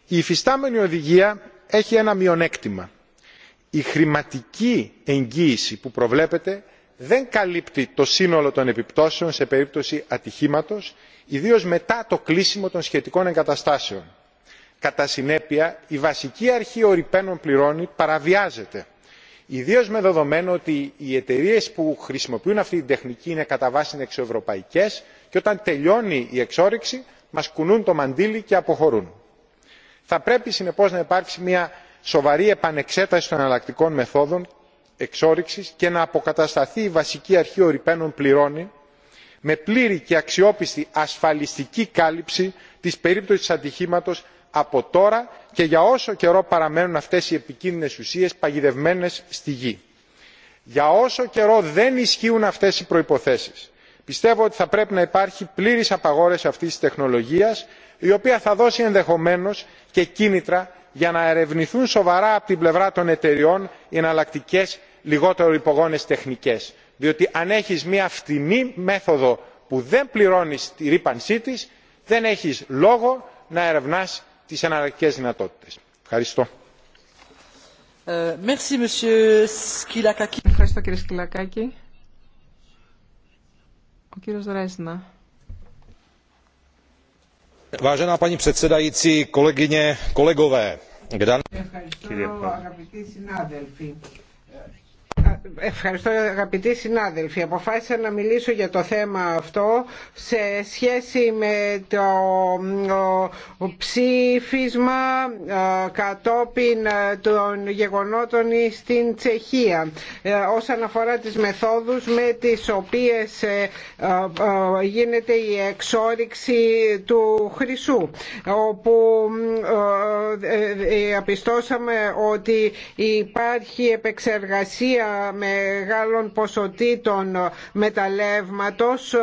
η υφιστάμενη οδηγία έχει ένα μειονέκτημα η χρηματική εγγύηση που προβλέπεται δεν καλύπτει το σύνολο των επιπτώσεων σε περίπτωση ατυχήματος ιδίως μετά το κλείσιμο των σχετικών εγκαταστάσεων κατά συνέπεια η βασική αρχή ορυπαίνων πληρώνει παραβιάζεται ιδίως με δεδομένο ότι οι εταιρείες που χρησιμοποιούν αυτή την τεχνική είναι κατά βάση εξωευρωπαϊκές και όταν τελειώνει η εξόρυξη μας κουνούν το μαντίλι και αποχωρούν. θα πρέπει συνεπώς να υπάρξει μια σοβαρή επανεξέταση των εναλλακτικών μεθόδων εξόρυξης και να αποκατασταθεί η βασική αρχή ορυπαίνων πληρώνει με πλήρη και αξιόπιστη ασφαλιστική κάλυψη της περίπτωσης ατυχήματος από τώρα και για όσο καιρό παραμένουν αυτές οι επικίνδυνες ουσίες παγιδευμένες στη γη. για όσο καιρό δεν ισχύουν αυτές οι προϋποθέσεις πιστεύω ότι θα πρέπει να υπάρχει πλήρης απαγόρευση αυτής της τεχνολογίας η οποία θα δώσει ενδεχομένως και κίνητρα για να ερευνηθούν σοβαρά από την πλευρά των εταιριών οι εναλλακτικέ λιγότερο υπογόνες τεχνικές διότι αν έχεις μια φτηνή μέθοδο που δεν πληρώνεις τη ρήπανσή της δεν έχεις λόγο να ερευνάς τις εναλλακτικές δυνατότητες. Ευχαριστώ. Ε, Ευχαριστώ κύριε Σκυλακάκη. Ο κύριος Ρέσνα. Ευχαριστώ αγαπητοί συνάδελφοι. Ευχαριστώ αγαπητοί συνάδελφοι. Αποφάσισα να μιλήσω για το θέμα αυτό σε σχέση με το ψήφισμα ε, κατόπιν ε, των γεγονότων στην Τσεχία ε, όσον αφορά τις μεθόδους με τις οποίες γίνεται η εξόριξη του χρυσού όπου ε, ε, διαπιστώσαμε ότι υπάρχει επεξεργασία μεγάλων ποσοτήτων μεταλλεύματος ε,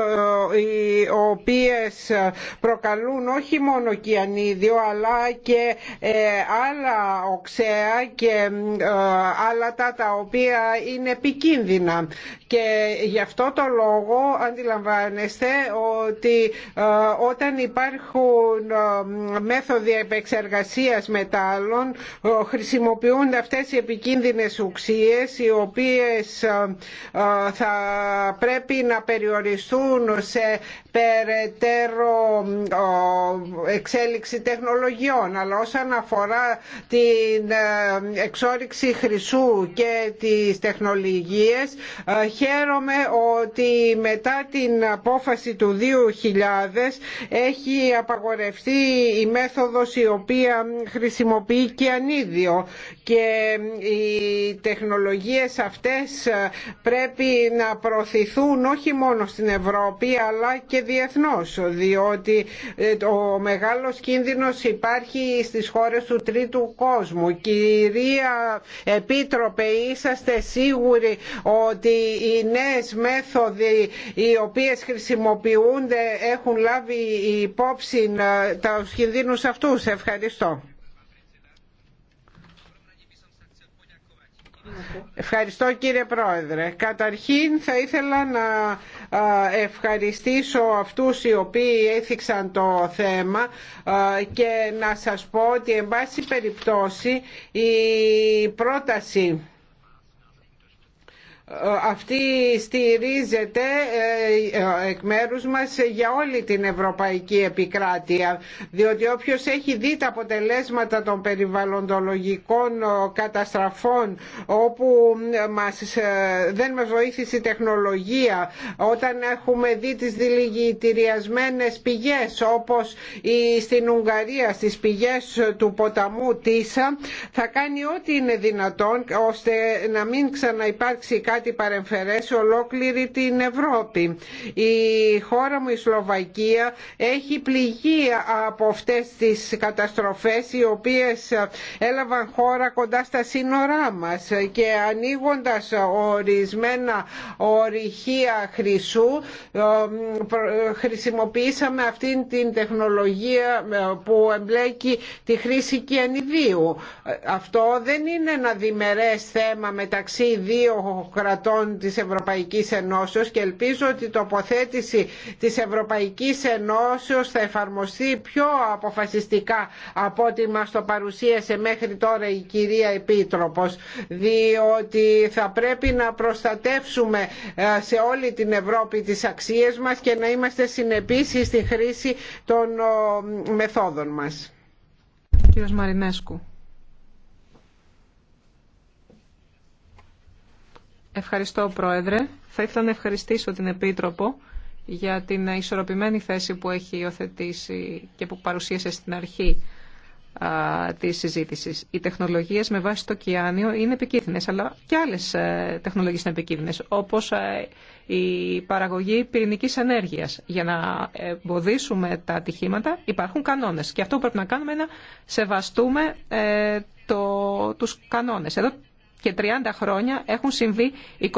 οι οποίες προκαλούν όχι μόνο κυανίδιο αλλά και άλλα οξέα και άλλα τα τα οποία είναι επικίνδυνα και γι' αυτό το λόγο αντιλαμβάνεστε ότι όταν υπάρχουν μέθοδοι επεξεργασίας μετάλλων ε, χρησιμοποιούνται αυτές οι επικίνδυνες ουξίες οι οποίες ε, ε, θα πρέπει να περιοριστούν σε περαιτέρω εξέλιξη τεχνολογιών αλλά όσον αφορά την εξόριξη χρυσού και τις τεχνολογίες χαίρομαι ότι μετά την απόφαση του 2000 έχει απαγορευτεί η μέθοδος η οποία χρησιμοποιεί και ανίδιο και οι τεχνολογίες αυτές ε, πρέπει να προωθηθούν όχι μόνο στην Ευρώπη αλλά και διεθνώς διότι ε, ο μεγάλος κίνδυνος υπάρχει στις χώρες του τρίτου κόσμου. Κυρία Επίτροπε είσαστε σίγουροι ότι οι νέες μέθοδοι οι οποίες χρησιμοποιούνται έχουν λάβει υπόψη ε, τα κινδύνους αυτούς. Ευχαριστώ. Ευχαριστώ κύριε Πρόεδρε. Καταρχήν θα ήθελα να ευχαριστήσω αυτούς οι οποίοι έθιξαν το θέμα και να σας πω ότι εν πάση περιπτώσει η πρόταση αυτή στηρίζεται ε, ε, εκ μέρους μας για όλη την ευρωπαϊκή επικράτεια διότι όποιος έχει δει τα αποτελέσματα των περιβαλλοντολογικών ε, καταστραφών όπου μας, δεν μας βοήθησε η τεχνολογία όταν έχουμε δει τις δηλητηριασμένες πηγές όπως στην Ουγγαρία στις πηγές του ποταμού Τίσα θα κάνει ό,τι είναι δυνατόν ώστε να μην ξαναυπάρξει κάτι κάτι παρεμφερέσει ολόκληρη την Ευρώπη. Η χώρα μου η Σλοβακία έχει πληγεί από αυτές τις καταστροφές οι οποίες έλαβαν χώρα κοντά στα σύνορά μας και ανοίγοντας ορισμένα ορυχεία χρυσού ε, χρησιμοποιήσαμε αυτήν την τεχνολογία ε, που εμπλέκει τη χρήση κιανιδίου. Ε, αυτό δεν είναι ένα διμερές θέμα μεταξύ δύο κρατών κρατών της Ευρωπαϊκής Ενώσεως και ελπίζω ότι η τοποθέτηση της Ευρωπαϊκής Ενώσεως θα εφαρμοστεί πιο αποφασιστικά από ό,τι μας το παρουσίασε μέχρι τώρα η κυρία Επίτροπος διότι θα πρέπει να προστατεύσουμε ε, σε όλη την Ευρώπη τις αξίες μας και να είμαστε συνεπείς στη χρήση των μεθόδων μας. Κύριος Μαρινέσκου. Ευχαριστώ, Πρόεδρε. Θα ήθελα να ευχαριστήσω την Επίτροπο για την ισορροπημένη θέση που έχει υιοθετήσει και που παρουσίασε στην αρχή α, της συζήτησης. Οι τεχνολογίες με βάση το κιάνιο είναι επικίνδυνες, αλλά και άλλες ε, τεχνολογίες είναι επικίνδυνες, όπως ε, η παραγωγή πυρηνικής ενέργειας. Για να εμποδίσουμε τα ατυχήματα υπάρχουν κανόνες και αυτό που πρέπει να κάνουμε είναι να σεβαστούμε ε, το, τους κανόνες. Εδώ και 30 χρόνια έχουν συμβεί 25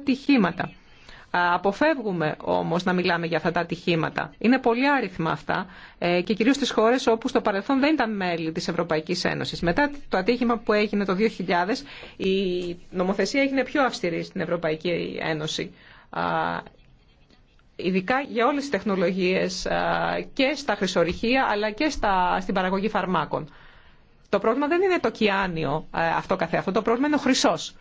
ατυχήματα. Αποφεύγουμε όμως να μιλάμε για αυτά τα ατυχήματα. Είναι πολύ άριθμα αυτά ε, και κυρίως στις χώρες όπου στο παρελθόν δεν ήταν μέλη της Ευρωπαϊκής Ένωσης. Μετά το ατύχημα που έγινε το 2000 η νομοθεσία έγινε πιο αυστηρή στην Ευρωπαϊκή Ένωση. Ειδικά για όλες τις τεχνολογίες και στα χρυσορυχεία αλλά και στην παραγωγή φαρμάκων. Το πρόβλημα δεν είναι το κιάνιο ε, αυτό αυτό το πρόβλημα είναι ο χρυσός.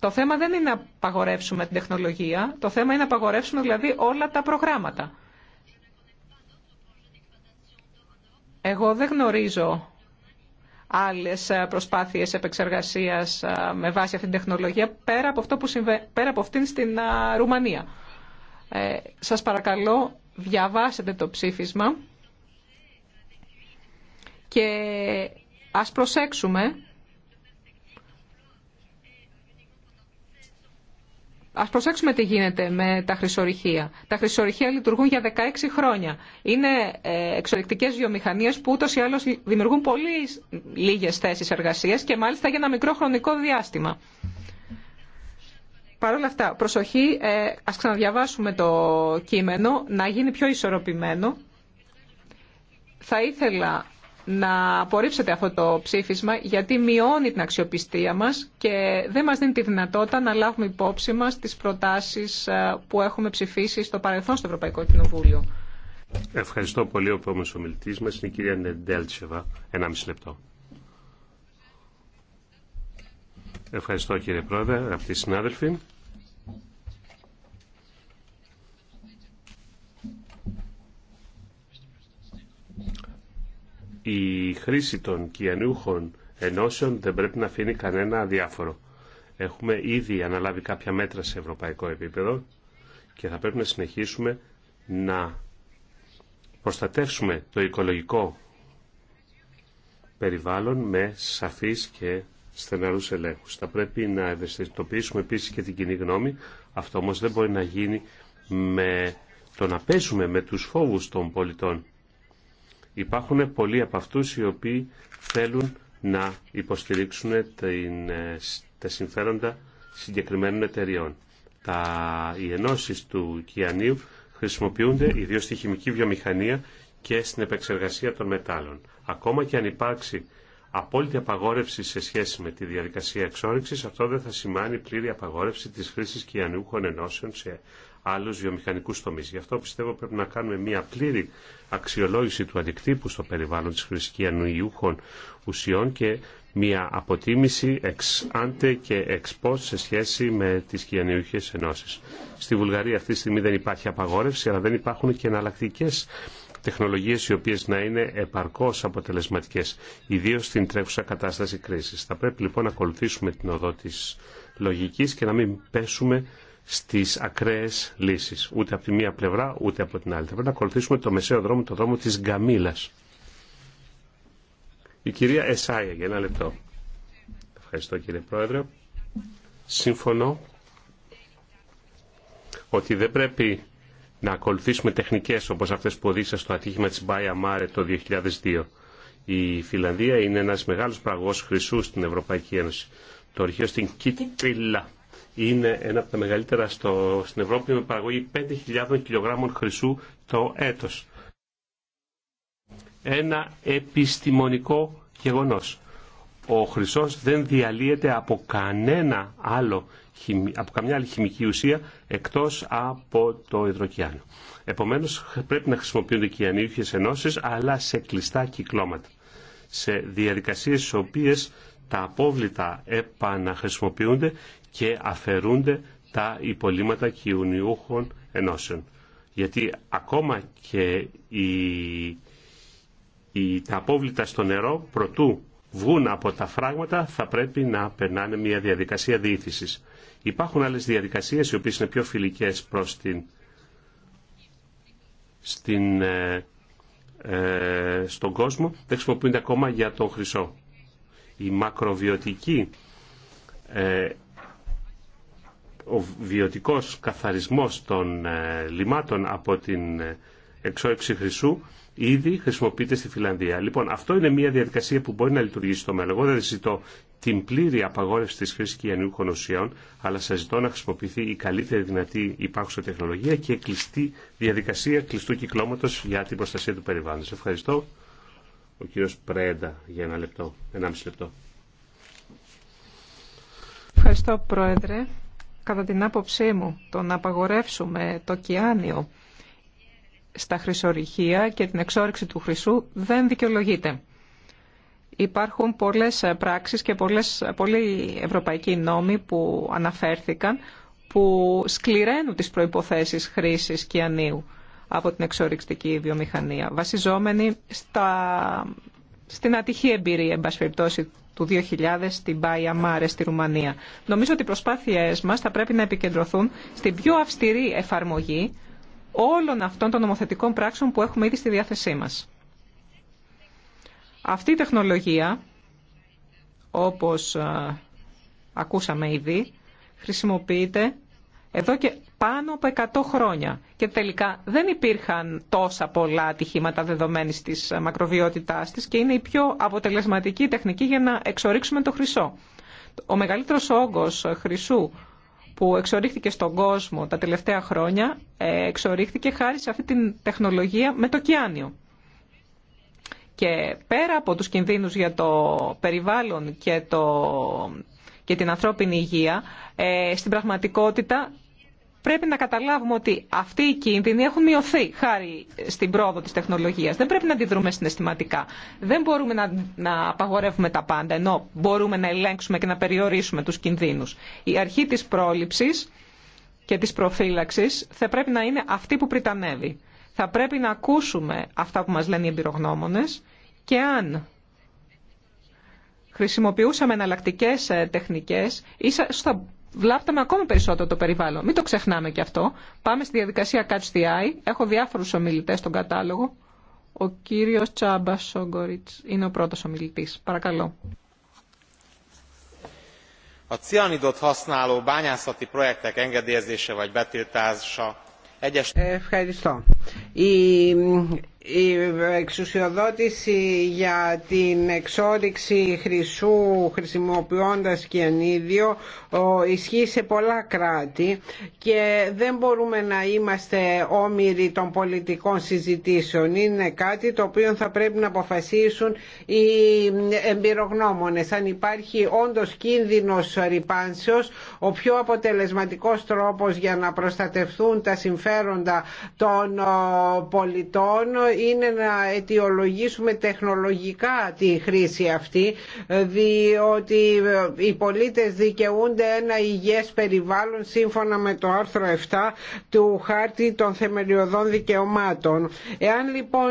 Το θέμα δεν είναι να απαγορεύσουμε την τεχνολογία, το θέμα είναι να απαγορεύσουμε δηλαδή όλα τα προγράμματα. Εγώ δεν γνωρίζω άλλες ε, προσπάθειες επεξεργασίας ε, με βάση αυτήν την τεχνολογία πέρα από, αυτό που πέρα από αυτήν στην Ρουμανία. Ε, σας παρακαλώ διαβάσετε το ψήφισμα και Ας προσέξουμε Ας προσέξουμε τι γίνεται με τα χρυσορυχεία. Τα χρυσορυχεία λειτουργούν για 16 χρόνια. Είναι ε, εξορυκτικές βιομηχανίες που ούτως ή άλλως δημιουργούν πολύ λίγες θέσεις εργασίας και μάλιστα για ένα μικρό χρονικό διάστημα. Παρ' όλα αυτά, προσοχή, ε, ας ξαναδιαβάσουμε το κείμενο, να γίνει πιο ισορροπημένο. Θα ήθελα να απορρίψετε αυτό το ψήφισμα γιατί μειώνει την αξιοπιστία μας και δεν μας δίνει τη δυνατότητα να λάβουμε υπόψη μας τις προτάσεις ε, που έχουμε ψηφίσει στο παρελθόν στο Ευρωπαϊκό Κοινοβούλιο. Ευχαριστώ πολύ. Ο πρώμος ομιλητής μας είναι η κυρία Νεντέλτσεβα. μισή λεπτό. Ευχαριστώ κύριε Πρόεδρε, αγαπητοί συνάδελφοι. η χρήση των κυανιούχων ενώσεων δεν πρέπει να αφήνει κανένα αδιάφορο. Έχουμε ήδη αναλάβει κάποια μέτρα σε ευρωπαϊκό επίπεδο και θα πρέπει να συνεχίσουμε να προστατεύσουμε το οικολογικό περιβάλλον με σαφείς και στεναρούς ελέγχους. Θα πρέπει να ευαισθητοποιήσουμε επίσης και την κοινή γνώμη. Αυτό όμως δεν μπορεί να γίνει με το να πέσουμε με τους φόβους των πολιτών. Υπάρχουν πολλοί από αυτούς οι οποίοι θέλουν να υποστηρίξουν την, τα συμφέροντα συγκεκριμένων εταιριών. Τα, οι ενώσει του κιανίου χρησιμοποιούνται ιδίως στη χημική βιομηχανία και στην επεξεργασία των μετάλλων. Ακόμα και αν υπάρξει απόλυτη απαγόρευση σε σχέση με τη διαδικασία εξόρυξης, αυτό δεν θα σημάνει πλήρη απαγόρευση της χρήσης κιανιούχων ενώσεων σε άλλου βιομηχανικού τομεί. Γι' αυτό πιστεύω πρέπει να κάνουμε μια πλήρη αξιολόγηση του αντικτύπου στο περιβάλλον τη χρήση ανοιούχων ουσιών και μια αποτίμηση εξ άντε και εξ post σε σχέση με τι κιανουιούχε ενώσει. Στη Βουλγαρία αυτή τη στιγμή δεν υπάρχει απαγόρευση, αλλά δεν υπάρχουν και εναλλακτικέ τεχνολογίες οι οποίες να είναι επαρκώς αποτελεσματικές, ιδίως στην τρέχουσα κατάσταση κρίσης. Θα πρέπει λοιπόν να ακολουθήσουμε την οδό της λογικής και να μην πέσουμε στις ακραίες λύσεις. Ούτε από τη μία πλευρά, ούτε από την άλλη. Θα πρέπει να ακολουθήσουμε το μεσαίο δρόμο, το δρόμο της Γκαμίλα. Η κυρία Εσάια, για ένα λεπτό. Ευχαριστώ κύριε Πρόεδρε. Σύμφωνο ότι δεν πρέπει να ακολουθήσουμε τεχνικές όπως αυτές που οδήγησαν στο ατύχημα της Μπάια Μάρε το 2002. Η Φιλανδία είναι ένας μεγάλος πραγός χρυσού στην Ευρωπαϊκή Ένωση. Το αρχείο στην Κίτριλα είναι ένα από τα μεγαλύτερα στο, στην Ευρώπη με παραγωγή 5.000 κιλογράμμων χρυσού το έτος. Ένα επιστημονικό γεγονός. Ο χρυσός δεν διαλύεται από κανένα άλλο από καμιά άλλη χημική ουσία εκτός από το υδροκιάνο. Επομένως πρέπει να χρησιμοποιούνται και οι ανήλικες ενώσεις αλλά σε κλειστά κυκλώματα. Σε διαδικασίες στις οποίες τα απόβλητα επαναχρησιμοποιούνται και αφαιρούνται τα υπολείμματα κοινωνιούχων ενώσεων. Γιατί ακόμα και τα απόβλητα στο νερό προτού βγουν από τα φράγματα θα πρέπει να περνάνε μια διαδικασία διήθησης. Υπάρχουν άλλες διαδικασίες οι οποίες είναι πιο φιλικές προς την, στην, ε, ε στον κόσμο. Δεν χρησιμοποιούνται ακόμα για τον χρυσό. Η μακροβιωτική ε, ο βιωτικός καθαρισμός των ε, λιμάτων από την ε, εξόρυξη χρυσού ήδη χρησιμοποιείται στη Φιλανδία. Λοιπόν, αυτό είναι μια διαδικασία που μπορεί να λειτουργήσει στο μέλλον. Εγώ δεν ζητώ την πλήρη απαγόρευση τη χρήση κυανίου ουσιών, αλλά σα ζητώ να χρησιμοποιηθεί η καλύτερη δυνατή υπάρχουσα τεχνολογία και κλειστή διαδικασία κλειστού κυκλώματο για την προστασία του περιβάλλοντο. Ευχαριστώ. Ο κύριο Πρέντα για ένα λεπτό, ένα λεπτό. Ευχαριστώ, Πρόεδρε κατά την άποψή μου, το να απαγορεύσουμε το κιάνιο στα χρυσορυχεία και την εξόρυξη του χρυσού δεν δικαιολογείται. Υπάρχουν πολλές πράξεις και πολλές, πολλοί ευρωπαϊκοί νόμοι που αναφέρθηκαν που σκληραίνουν τις προϋποθέσεις χρήσης κιανίου από την εξορυξτική βιομηχανία, βασιζόμενη στα, στην ατυχή εμπειρία, εν του 2000 στην Πάια Μάρε στη Ρουμανία. Νομίζω ότι οι προσπάθειές μας θα πρέπει να επικεντρωθούν στην πιο αυστηρή εφαρμογή όλων αυτών των νομοθετικών πράξεων που έχουμε ήδη στη διάθεσή μας. Αυτή η τεχνολογία, όπως ε, ακούσαμε ήδη, χρησιμοποιείται εδώ και πάνω από 100 χρόνια. Και τελικά δεν υπήρχαν τόσα πολλά ατυχήματα δεδομένη τη ε, μακροβιότητά τη και είναι η πιο αποτελεσματική τεχνική για να εξορίξουμε το χρυσό. Ο μεγαλύτερο όγκο ε, χρυσού που εξορίχθηκε στον κόσμο τα τελευταία χρόνια ε, εξορίχθηκε χάρη σε αυτή την τεχνολογία με το κιάνιο. Και πέρα από τους κινδύνους για το περιβάλλον και, και την ανθρώπινη υγεία, στην πραγματικότητα πρέπει να καταλάβουμε ότι αυτοί οι κίνδυνοι έχουν μειωθεί χάρη στην πρόοδο τη τεχνολογία. Δεν πρέπει να αντιδρούμε συναισθηματικά. Δεν μπορούμε να, να απαγορεύουμε τα πάντα, ενώ μπορούμε να ελέγξουμε και να περιορίσουμε του κινδύνου. Η αρχή τη πρόληψη και τη προφύλαξη θα πρέπει να είναι αυτή που πριτανεύει. Θα πρέπει να ακούσουμε αυτά που μα λένε οι εμπειρογνώμονε και αν χρησιμοποιούσαμε εναλλακτικέ ε, τεχνικέ, ίσως θα βλάπταμε ακόμα περισσότερο το περιβάλλον. Μην το ξεχνάμε και αυτό. Πάμε στη διαδικασία Catch the Eye. Έχω διάφορους ομιλητές στον κατάλογο. Ο κύριος Τσάμπα Σόγκοριτς είναι ο πρώτος ομιλητής. Παρακαλώ. A cianidot használó bányászati projektek engedélyezése vagy Ευχαριστώ. Η η εξουσιοδότηση για την εξόριξη χρυσού χρησιμοποιώντας κιανίδιο ισχύει σε πολλά κράτη και δεν μπορούμε να είμαστε όμοιροι των πολιτικών συζητήσεων. Είναι κάτι το οποίο θα πρέπει να αποφασίσουν οι εμπειρογνώμονες. Αν υπάρχει όντως κίνδυνος ρηπάνσεως, ο πιο αποτελεσματικός τρόπος για να προστατευτούν τα συμφέροντα των πολιτών είναι να αιτιολογήσουμε τεχνολογικά τη χρήση αυτή διότι οι πολίτες δικαιούνται ένα υγιές περιβάλλον σύμφωνα με το άρθρο 7 του χάρτη των θεμελιωδών δικαιωμάτων. Εάν λοιπόν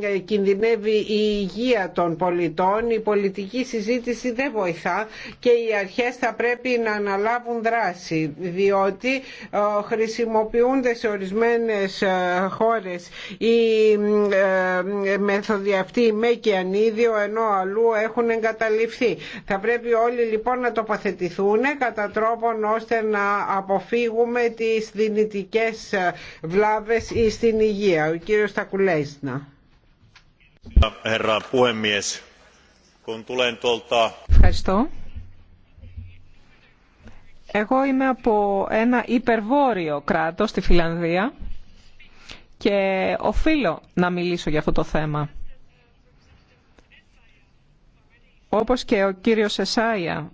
ε, κινδυνεύει η υγεία των πολιτών η πολιτική συζήτηση δεν βοηθά και οι αρχές θα πρέπει να αναλάβουν δράση διότι ε, χρησιμοποιούνται σε ορισμένες ε, χώρες οι ε, μέθοδοι αυτοί με και ανίδιο ενώ αλλού έχουν εγκαταλειφθεί. Θα πρέπει όλοι λοιπόν να τοποθετηθούν κατά τρόπον ώστε να αποφύγουμε τις δυνητικές βλάβες στην υγεία. Ο κύριος Στακουλέσνα. Ευχαριστώ. Εγώ είμαι από ένα υπερβόρειο κράτος στη Φιλανδία και οφείλω να μιλήσω για αυτό το θέμα. Όπως και ο κύριος Εσάια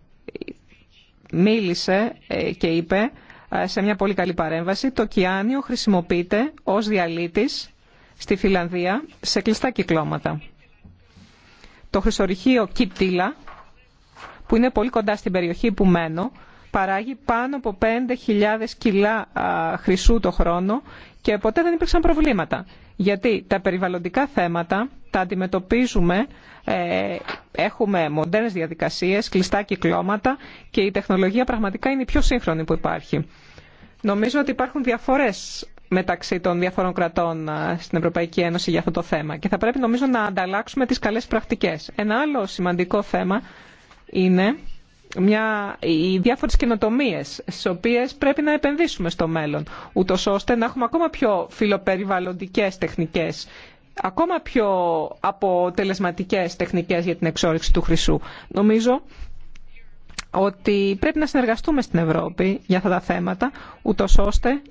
μίλησε ε, και είπε ε, σε μια πολύ καλή παρέμβαση, το κιάνιο χρησιμοποιείται ως διαλύτης στη Φιλανδία σε κλειστά κυκλώματα. Το χρυσορυχείο Κιπτήλα, που είναι πολύ κοντά στην περιοχή που μένω, παράγει πάνω από 5.000 κιλά χρυσού το χρόνο και ποτέ δεν υπήρξαν προβλήματα. Γιατί τα περιβαλλοντικά θέματα τα αντιμετωπίζουμε, ε, έχουμε μοντέρνες διαδικασίες, κλειστά κυκλώματα και η τεχνολογία πραγματικά είναι η πιο σύγχρονη που υπάρχει. Νομίζω ότι υπάρχουν διαφορές μεταξύ των διαφορών κρατών ε, στην Ευρωπαϊκή Ένωση για αυτό το θέμα και θα πρέπει νομίζω να ανταλλάξουμε τις καλές πρακτικές. Ένα άλλο σημαντικό θέμα είναι μια, οι διάφορες καινοτομίες στις οποίες πρέπει να επενδύσουμε στο μέλλον, ούτω ώστε να έχουμε ακόμα πιο φιλοπεριβαλλοντικές τεχνικές, ακόμα πιο αποτελεσματικές τεχνικές για την εξόρυξη του χρυσού. Νομίζω ότι πρέπει να συνεργαστούμε στην Ευρώπη για αυτά τα θέματα, ούτω ώστε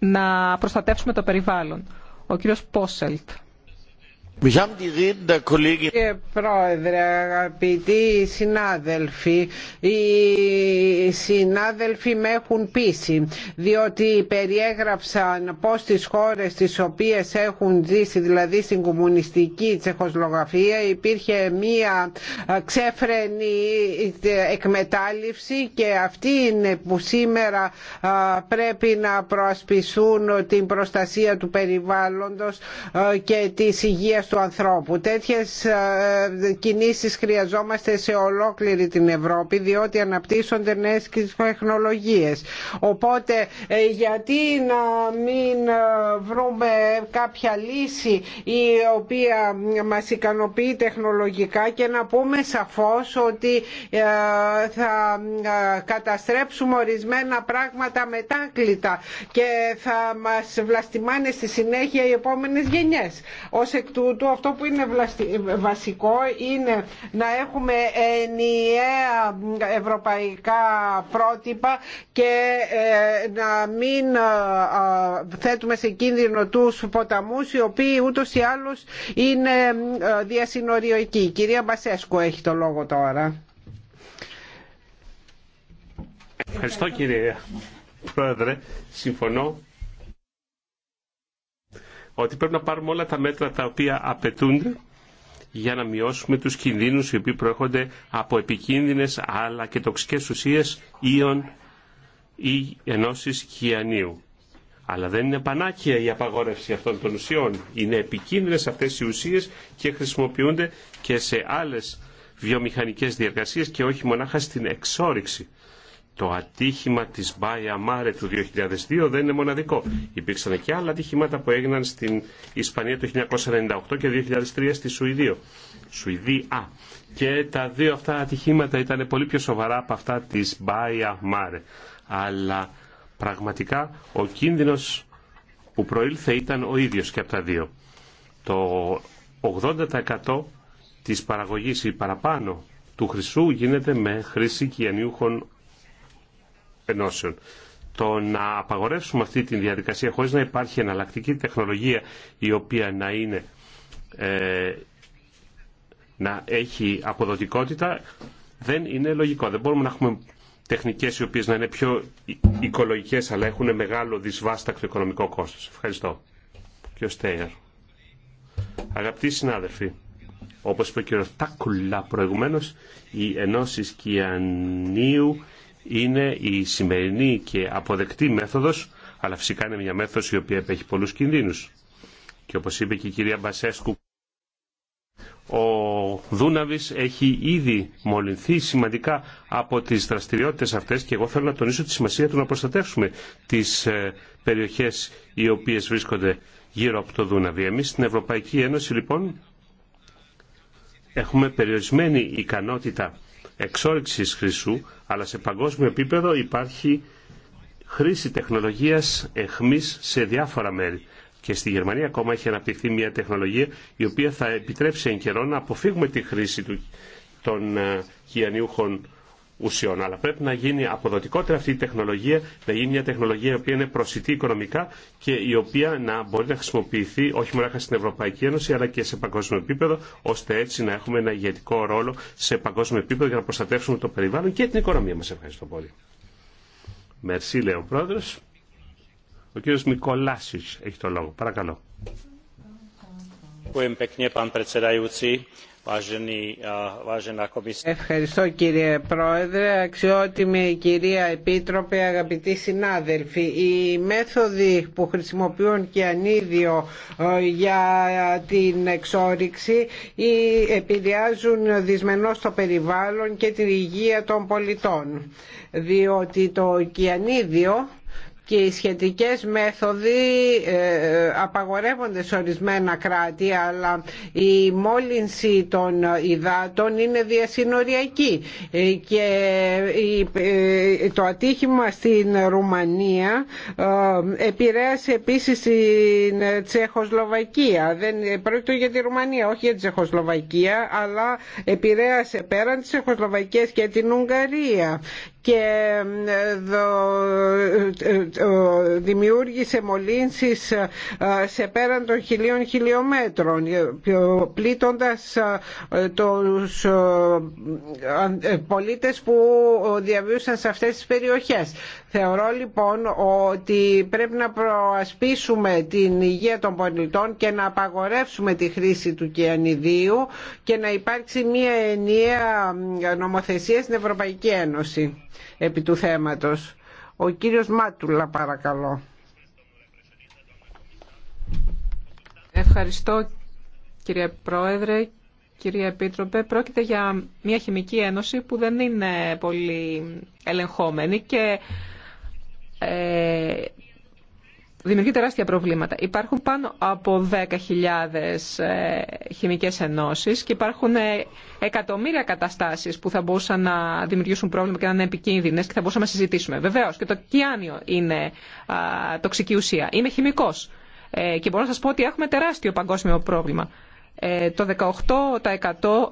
να προστατεύσουμε το περιβάλλον. Ο κύριος Πόσελτ. Κύριε Πρόεδρε, αγαπητοί συνάδελφοι, οι συνάδελφοι με έχουν πείσει, διότι περιέγραψαν πώς τις χώρες τις οποίες έχουν ζήσει, δηλαδή στην κομμουνιστική Τσεχοσλογαφία, υπήρχε μία ξέφρενη εκμετάλλευση και αυτή είναι που σήμερα πρέπει να προασπιστούν την προστασία του περιβάλλοντος και της υγείας του ανθρώπου. Τέτοιες ε, κινήσεις χρειαζόμαστε σε ολόκληρη την Ευρώπη διότι αναπτύσσονται νέες τεχνολογίες. Οπότε ε, γιατί να μην ε, βρούμε κάποια λύση η οποία μας ικανοποιεί τεχνολογικά και να πούμε σαφώς ότι θα καταστρέψουμε ορισμένα πράγματα μετάκλητα και θα μας βλαστημάνε στη συνέχεια οι επόμενες γενιές. Ως εκ τούτου το αυτό που είναι βασικό είναι να έχουμε ενιαία ευρωπαϊκά πρότυπα και ε, να μην ε, ε, θέτουμε σε κίνδυνο τους ποταμούς οι οποίοι ούτως ή άλλως είναι διασυνοριακοί. Η αλλως ειναι διασυνοριοικοί. κυρια έχει το λόγο τώρα. Ευχαριστώ κύριε Πρόεδρε. Συμφωνώ ότι πρέπει να πάρουμε όλα τα μέτρα τα οποία απαιτούνται για να μειώσουμε τους κινδύνους οι οποίοι προέρχονται από επικίνδυνες αλλά και τοξικές ουσίες ίων ή ενώσεις χιανίου. Αλλά δεν είναι πανάκια η απαγόρευση αυτών των ουσιών. Είναι επικίνδυνες αυτές οι ουσίες και χρησιμοποιούνται και σε άλλες βιομηχανικές διεργασίες και όχι μονάχα στην εξόριξη το ατύχημα της Μπάια Μάρε του 2002 δεν είναι μοναδικό. Υπήρξαν και άλλα ατύχηματα που έγιναν στην Ισπανία το 1998 και 2003 στη Σουηδία. Σουηδία. Και τα δύο αυτά ατυχήματα ήταν πολύ πιο σοβαρά από αυτά της Μπάια Μάρε. Αλλά πραγματικά ο κίνδυνος που προήλθε ήταν ο ίδιος και από τα δύο. Το 80% της παραγωγής ή παραπάνω του χρυσού γίνεται με χρήση κυανιούχων το να απαγορεύσουμε αυτή τη διαδικασία χωρίς να υπάρχει εναλλακτική τεχνολογία η οποία να είναι ε, να έχει αποδοτικότητα δεν είναι λογικό. Δεν μπορούμε να έχουμε τεχνικές οι οποίες να είναι πιο οικολογικές αλλά έχουν μεγάλο δυσβάστακτο οικονομικό κόστος. Ευχαριστώ. Κύριο Αγαπητοί συνάδελφοι, όπως είπε ο κύριος Τάκουλα προηγουμένως, οι ενώσεις Κιανίου είναι η σημερινή και αποδεκτή μέθοδος, αλλά φυσικά είναι μια μέθοδος η οποία έχει πολλούς κινδύνους. Και όπως είπε και η κυρία Μπασέσκου, ο Δούναβης έχει ήδη μολυνθεί σημαντικά από τις δραστηριότητες αυτές και εγώ θέλω να τονίσω τη σημασία του να προστατεύσουμε τις ε, περιοχές οι οποίες βρίσκονται γύρω από το Δούναβη. Εμείς στην Ευρωπαϊκή Ένωση λοιπόν έχουμε περιορισμένη ικανότητα εξόριξης χρυσού, αλλά σε παγκόσμιο επίπεδο υπάρχει χρήση τεχνολογίας εχμής σε διάφορα μέρη. Και στη Γερμανία ακόμα έχει αναπτυχθεί μια τεχνολογία η οποία θα επιτρέψει εν καιρό να αποφύγουμε τη χρήση των ε, χιανιούχων ουσιών. Αλλά πρέπει να γίνει αποδοτικότερα αυτή η τεχνολογία, να γίνει μια τεχνολογία η οποία είναι προσιτή οικονομικά και η οποία να μπορεί να χρησιμοποιηθεί όχι μόνο στην Ευρωπαϊκή Ένωση αλλά και σε παγκόσμιο επίπεδο, ώστε έτσι να έχουμε ένα ηγετικό ρόλο σε παγκόσμιο επίπεδο για να προστατεύσουμε το περιβάλλον και την οικονομία μα. Ευχαριστώ πολύ. Μερσή, λέει ο πρόεδρο. Ο κύριος έχει το λόγο. Παρακαλώ. Eh, Ευχαριστώ κύριε Πρόεδρε, αξιότιμη κυρία Επίτροπε, αγαπητοί συνάδελφοι. Οι μέθοδοι που χρησιμοποιούν και ανίδιο ε, για την εξόριξη επηρεάζουν δυσμενώς το περιβάλλον και την υγεία των πολιτών. Διότι το κιανίδιο και οι σχετικές μέθοδοι ε, απαγορεύονται σε ορισμένα κράτη αλλά η μόλυνση των υδάτων είναι διασυνοριακή ε, και ε, το ατύχημα στην Ρουμανία επηρέασε επίσης την Τσεχοσλοβακία δεν πρόκειται για τη Ρουμανία όχι για την Τσεχοσλοβακία αλλά επηρέασε πέραν της Τσεχοσλοβακίας και την Ουγγαρία και ε, ε, ε, δημιούργησε μολύνσεις σε πέραν των χιλίων χιλιόμετρων πλήττοντας τους πολίτες που διαβίωσαν σε αυτές τις περιοχές. Θεωρώ λοιπόν ότι πρέπει να προασπίσουμε την υγεία των πολιτών και να απαγορεύσουμε τη χρήση του κιανιδίου και να υπάρξει μια ενιαία νομοθεσία στην Ευρωπαϊκή Ένωση επί του θέματος. Ο κύριος Μάτουλα παρακαλώ. Ευχαριστώ κύριε Πρόεδρε, κύριε Επίτροπε. Πρόκειται για μια χημική ένωση που δεν είναι πολύ ελεγχόμενη και ε, δημιουργεί τεράστια προβλήματα. Υπάρχουν πάνω από 10.000 ε, χημικές ενώσεις και υπάρχουν ε, εκατομμύρια καταστάσεις που θα μπορούσαν να δημιουργήσουν πρόβλημα και να είναι επικίνδυνες και θα μπορούσαμε να συζητήσουμε. Βεβαίως και το κιάνιο είναι τοξική ουσία. Είμαι χημικός ε, και μπορώ να σας πω ότι έχουμε τεράστιο παγκόσμιο πρόβλημα. Το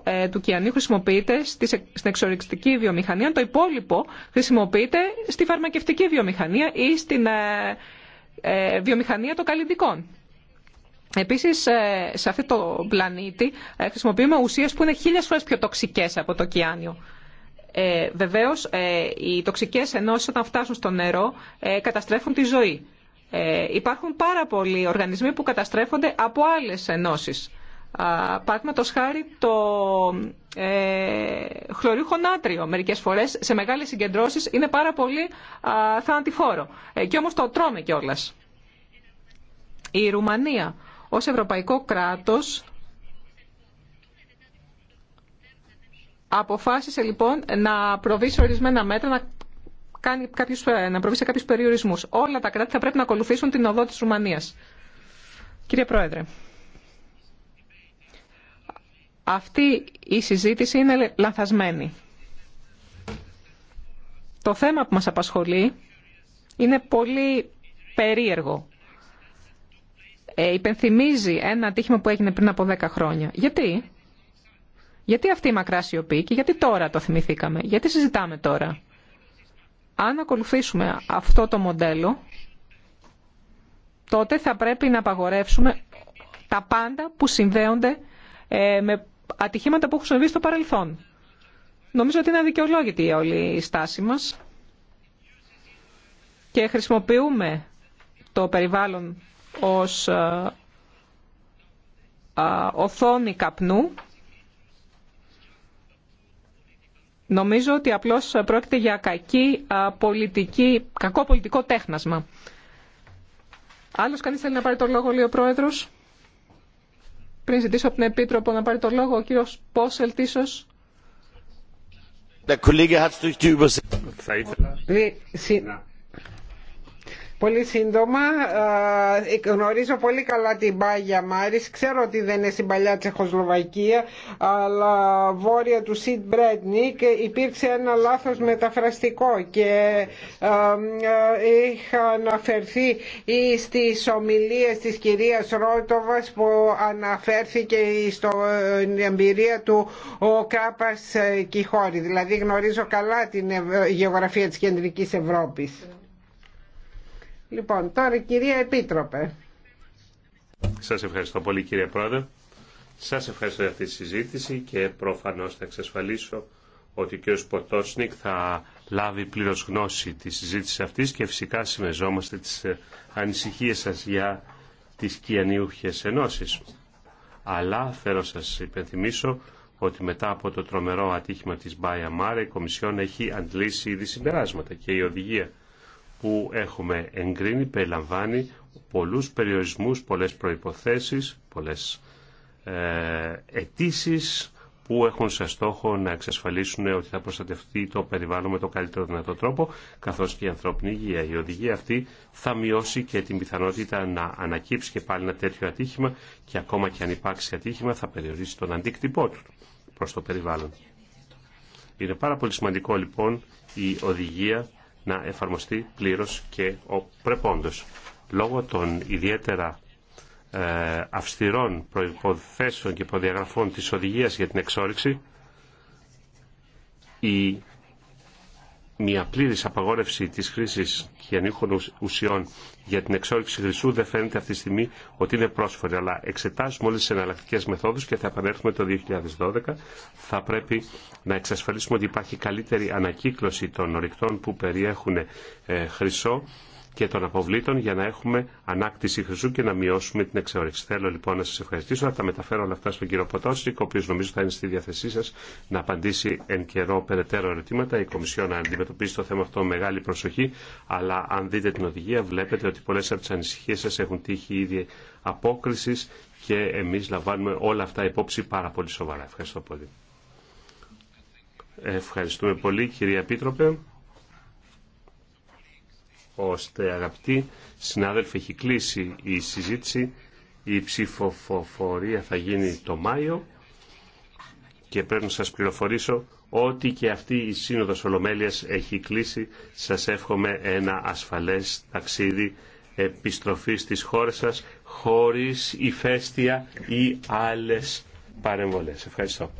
18% του κιανίου χρησιμοποιείται στην εξοριστική βιομηχανία, το υπόλοιπο χρησιμοποιείται στη φαρμακευτική βιομηχανία ή στην ε, βιομηχανία των καλλιντικών. Επίσης, ε, σε αυτό το πλανήτη ε, χρησιμοποιούμε ουσίες που είναι χίλιε φορές πιο τοξικές από το ωκεάνιο. Ε, βεβαίως, οι τοξικές ενώσει, όταν φτάσουν στο νερό καταστρέφουν τη ζωή. υπάρχουν πάρα πολλοί οργανισμοί που καταστρέφονται από άλλε ενώσει. Παραδείγματο χάρη το ε, χλωρίχο νάτριο μερικές φορές σε μεγάλες συγκεντρώσεις είναι πάρα πολύ α, θανατηφόρο. Ε, και όμως το τρώμε κιόλα. Η Ρουμανία ως ευρωπαϊκό κράτος αποφάσισε λοιπόν να προβεί σε ορισμένα μέτρα να κάνει κάποιους, ε, να προβεί σε κάποιους περιορισμούς. Όλα τα κράτη θα πρέπει να ακολουθήσουν την οδό της Ρουμανίας. Κύριε Πρόεδρε. Αυτή η συζήτηση είναι λανθασμένη. Το θέμα που μας απασχολεί είναι πολύ περίεργο. Ε, υπενθυμίζει ένα ατύχημα που έγινε πριν από 10 χρόνια. Γιατί? Γιατί αυτή η μακρά σιωπή και γιατί τώρα το θυμηθήκαμε, γιατί συζητάμε τώρα. Αν ακολουθήσουμε αυτό το μοντέλο, τότε θα πρέπει να απαγορεύσουμε τα πάντα που συνδέονται ε, με ατυχήματα που έχουν συμβεί στο παρελθόν. Νομίζω ότι είναι αδικαιολόγητη όλη η στάση μας και χρησιμοποιούμε το περιβάλλον ως ε, ε, οθόνη καπνού. Νομίζω ότι απλώς πρόκειται για κακή ε, πολιτική, κακό πολιτικό τέχνασμα. Άλλος κανείς θέλει να πάρει το λόγο, λέει ο Πρόεδρος πριν ζητήσω από την Επίτροπο να πάρει το λόγο, ο κύριος Πόσελτ ίσως. Πολύ σύντομα, ε, γνωρίζω πολύ καλά την Πάγια Μάρης, ξέρω ότι δεν είναι στην παλιά Τσεχοσλοβακία, αλλά βόρεια του Σιντ Μπρέτνικ υπήρξε ένα λάθος μεταφραστικό και είχα αναφερθεί στις ομιλίες της κυρίας Ρότοβας που αναφέρθηκε στην ε, εμπειρία του ο Κάπας ε, Κιχώρη. Δηλαδή γνωρίζω καλά την γεωγραφία της Κεντρικής Ευρώπης. Λοιπόν, τώρα κυρία Επίτροπε. Σας ευχαριστώ πολύ κύριε Πρόεδρε. Σας ευχαριστώ για αυτή τη συζήτηση και προφανώς θα εξασφαλίσω ότι ο κ. Ποτόσνικ θα λάβει πλήρως γνώση της συζήτησης αυτής και φυσικά συμμεζόμαστε τις ε, ανησυχίες σας για τις κιανίουχες ενώσεις. Αλλά θέλω να σας υπενθυμίσω ότι μετά από το τρομερό ατύχημα της Μπάια Μάρα η Κομισιόν έχει αντλήσει ήδη συμπεράσματα και η οδηγία που έχουμε εγκρίνει περιλαμβάνει πολλούς περιορισμούς, πολλές προϋποθέσεις, πολλές ε, αιτήσει που έχουν σε στόχο να εξασφαλίσουν ότι θα προστατευτεί το περιβάλλον με τον καλύτερο δυνατό τρόπο, καθώς και η ανθρώπινη υγεία. Η οδηγία αυτή θα μειώσει και την πιθανότητα να ανακύψει και πάλι ένα τέτοιο ατύχημα και ακόμα και αν υπάρξει ατύχημα θα περιορίσει τον αντίκτυπό του προς το περιβάλλον. Είναι πάρα πολύ σημαντικό λοιπόν η οδηγία να εφαρμοστεί πλήρως και ο πρεπόντος. Λόγω των ιδιαίτερα ε, αυστηρών προϋποθέσεων και προδιαγραφών της οδηγίας για την εξόριξη, μια πλήρης απαγόρευση της χρήσης χιανίχων ουσιών για την εξόρυξη χρυσού δεν φαίνεται αυτή τη στιγμή ότι είναι πρόσφορη, αλλά εξετάζουμε όλες τις εναλλακτικές μεθόδους και θα επανέλθουμε το 2012. Θα πρέπει να εξασφαλίσουμε ότι υπάρχει καλύτερη ανακύκλωση των ορυκτών που περιέχουν ε, χρυσό και των αποβλήτων για να έχουμε ανάκτηση χρυσού και να μειώσουμε την εξόρυξη. Θέλω λοιπόν να σα ευχαριστήσω. Θα τα μεταφέρω όλα αυτά στον κύριο Ποτόσικ, ο οποίο νομίζω θα είναι στη διάθεσή σα να απαντήσει εν καιρό περαιτέρω ερωτήματα. Η Κομισιόνα αντιμετωπίζει το θέμα αυτό με μεγάλη προσοχή, αλλά αν δείτε την οδηγία βλέπετε ότι πολλέ από τι ανησυχίε σα έχουν τύχει ήδη απόκριση και εμεί λαμβάνουμε όλα αυτά υπόψη πάρα πολύ σοβαρά. Ευχαριστώ πολύ. Ευχαριστούμε πολύ κυρία Πίτροπε ώστε αγαπητοί συνάδελφοι έχει κλείσει η συζήτηση η ψηφοφορία θα γίνει το Μάιο και πρέπει να σας πληροφορήσω ότι και αυτή η Σύνοδος Ολομέλειας έχει κλείσει. Σας εύχομαι ένα ασφαλές ταξίδι επιστροφή της χώρες σας χωρίς ηφαίστεια ή άλλες παρεμβολές. Ευχαριστώ.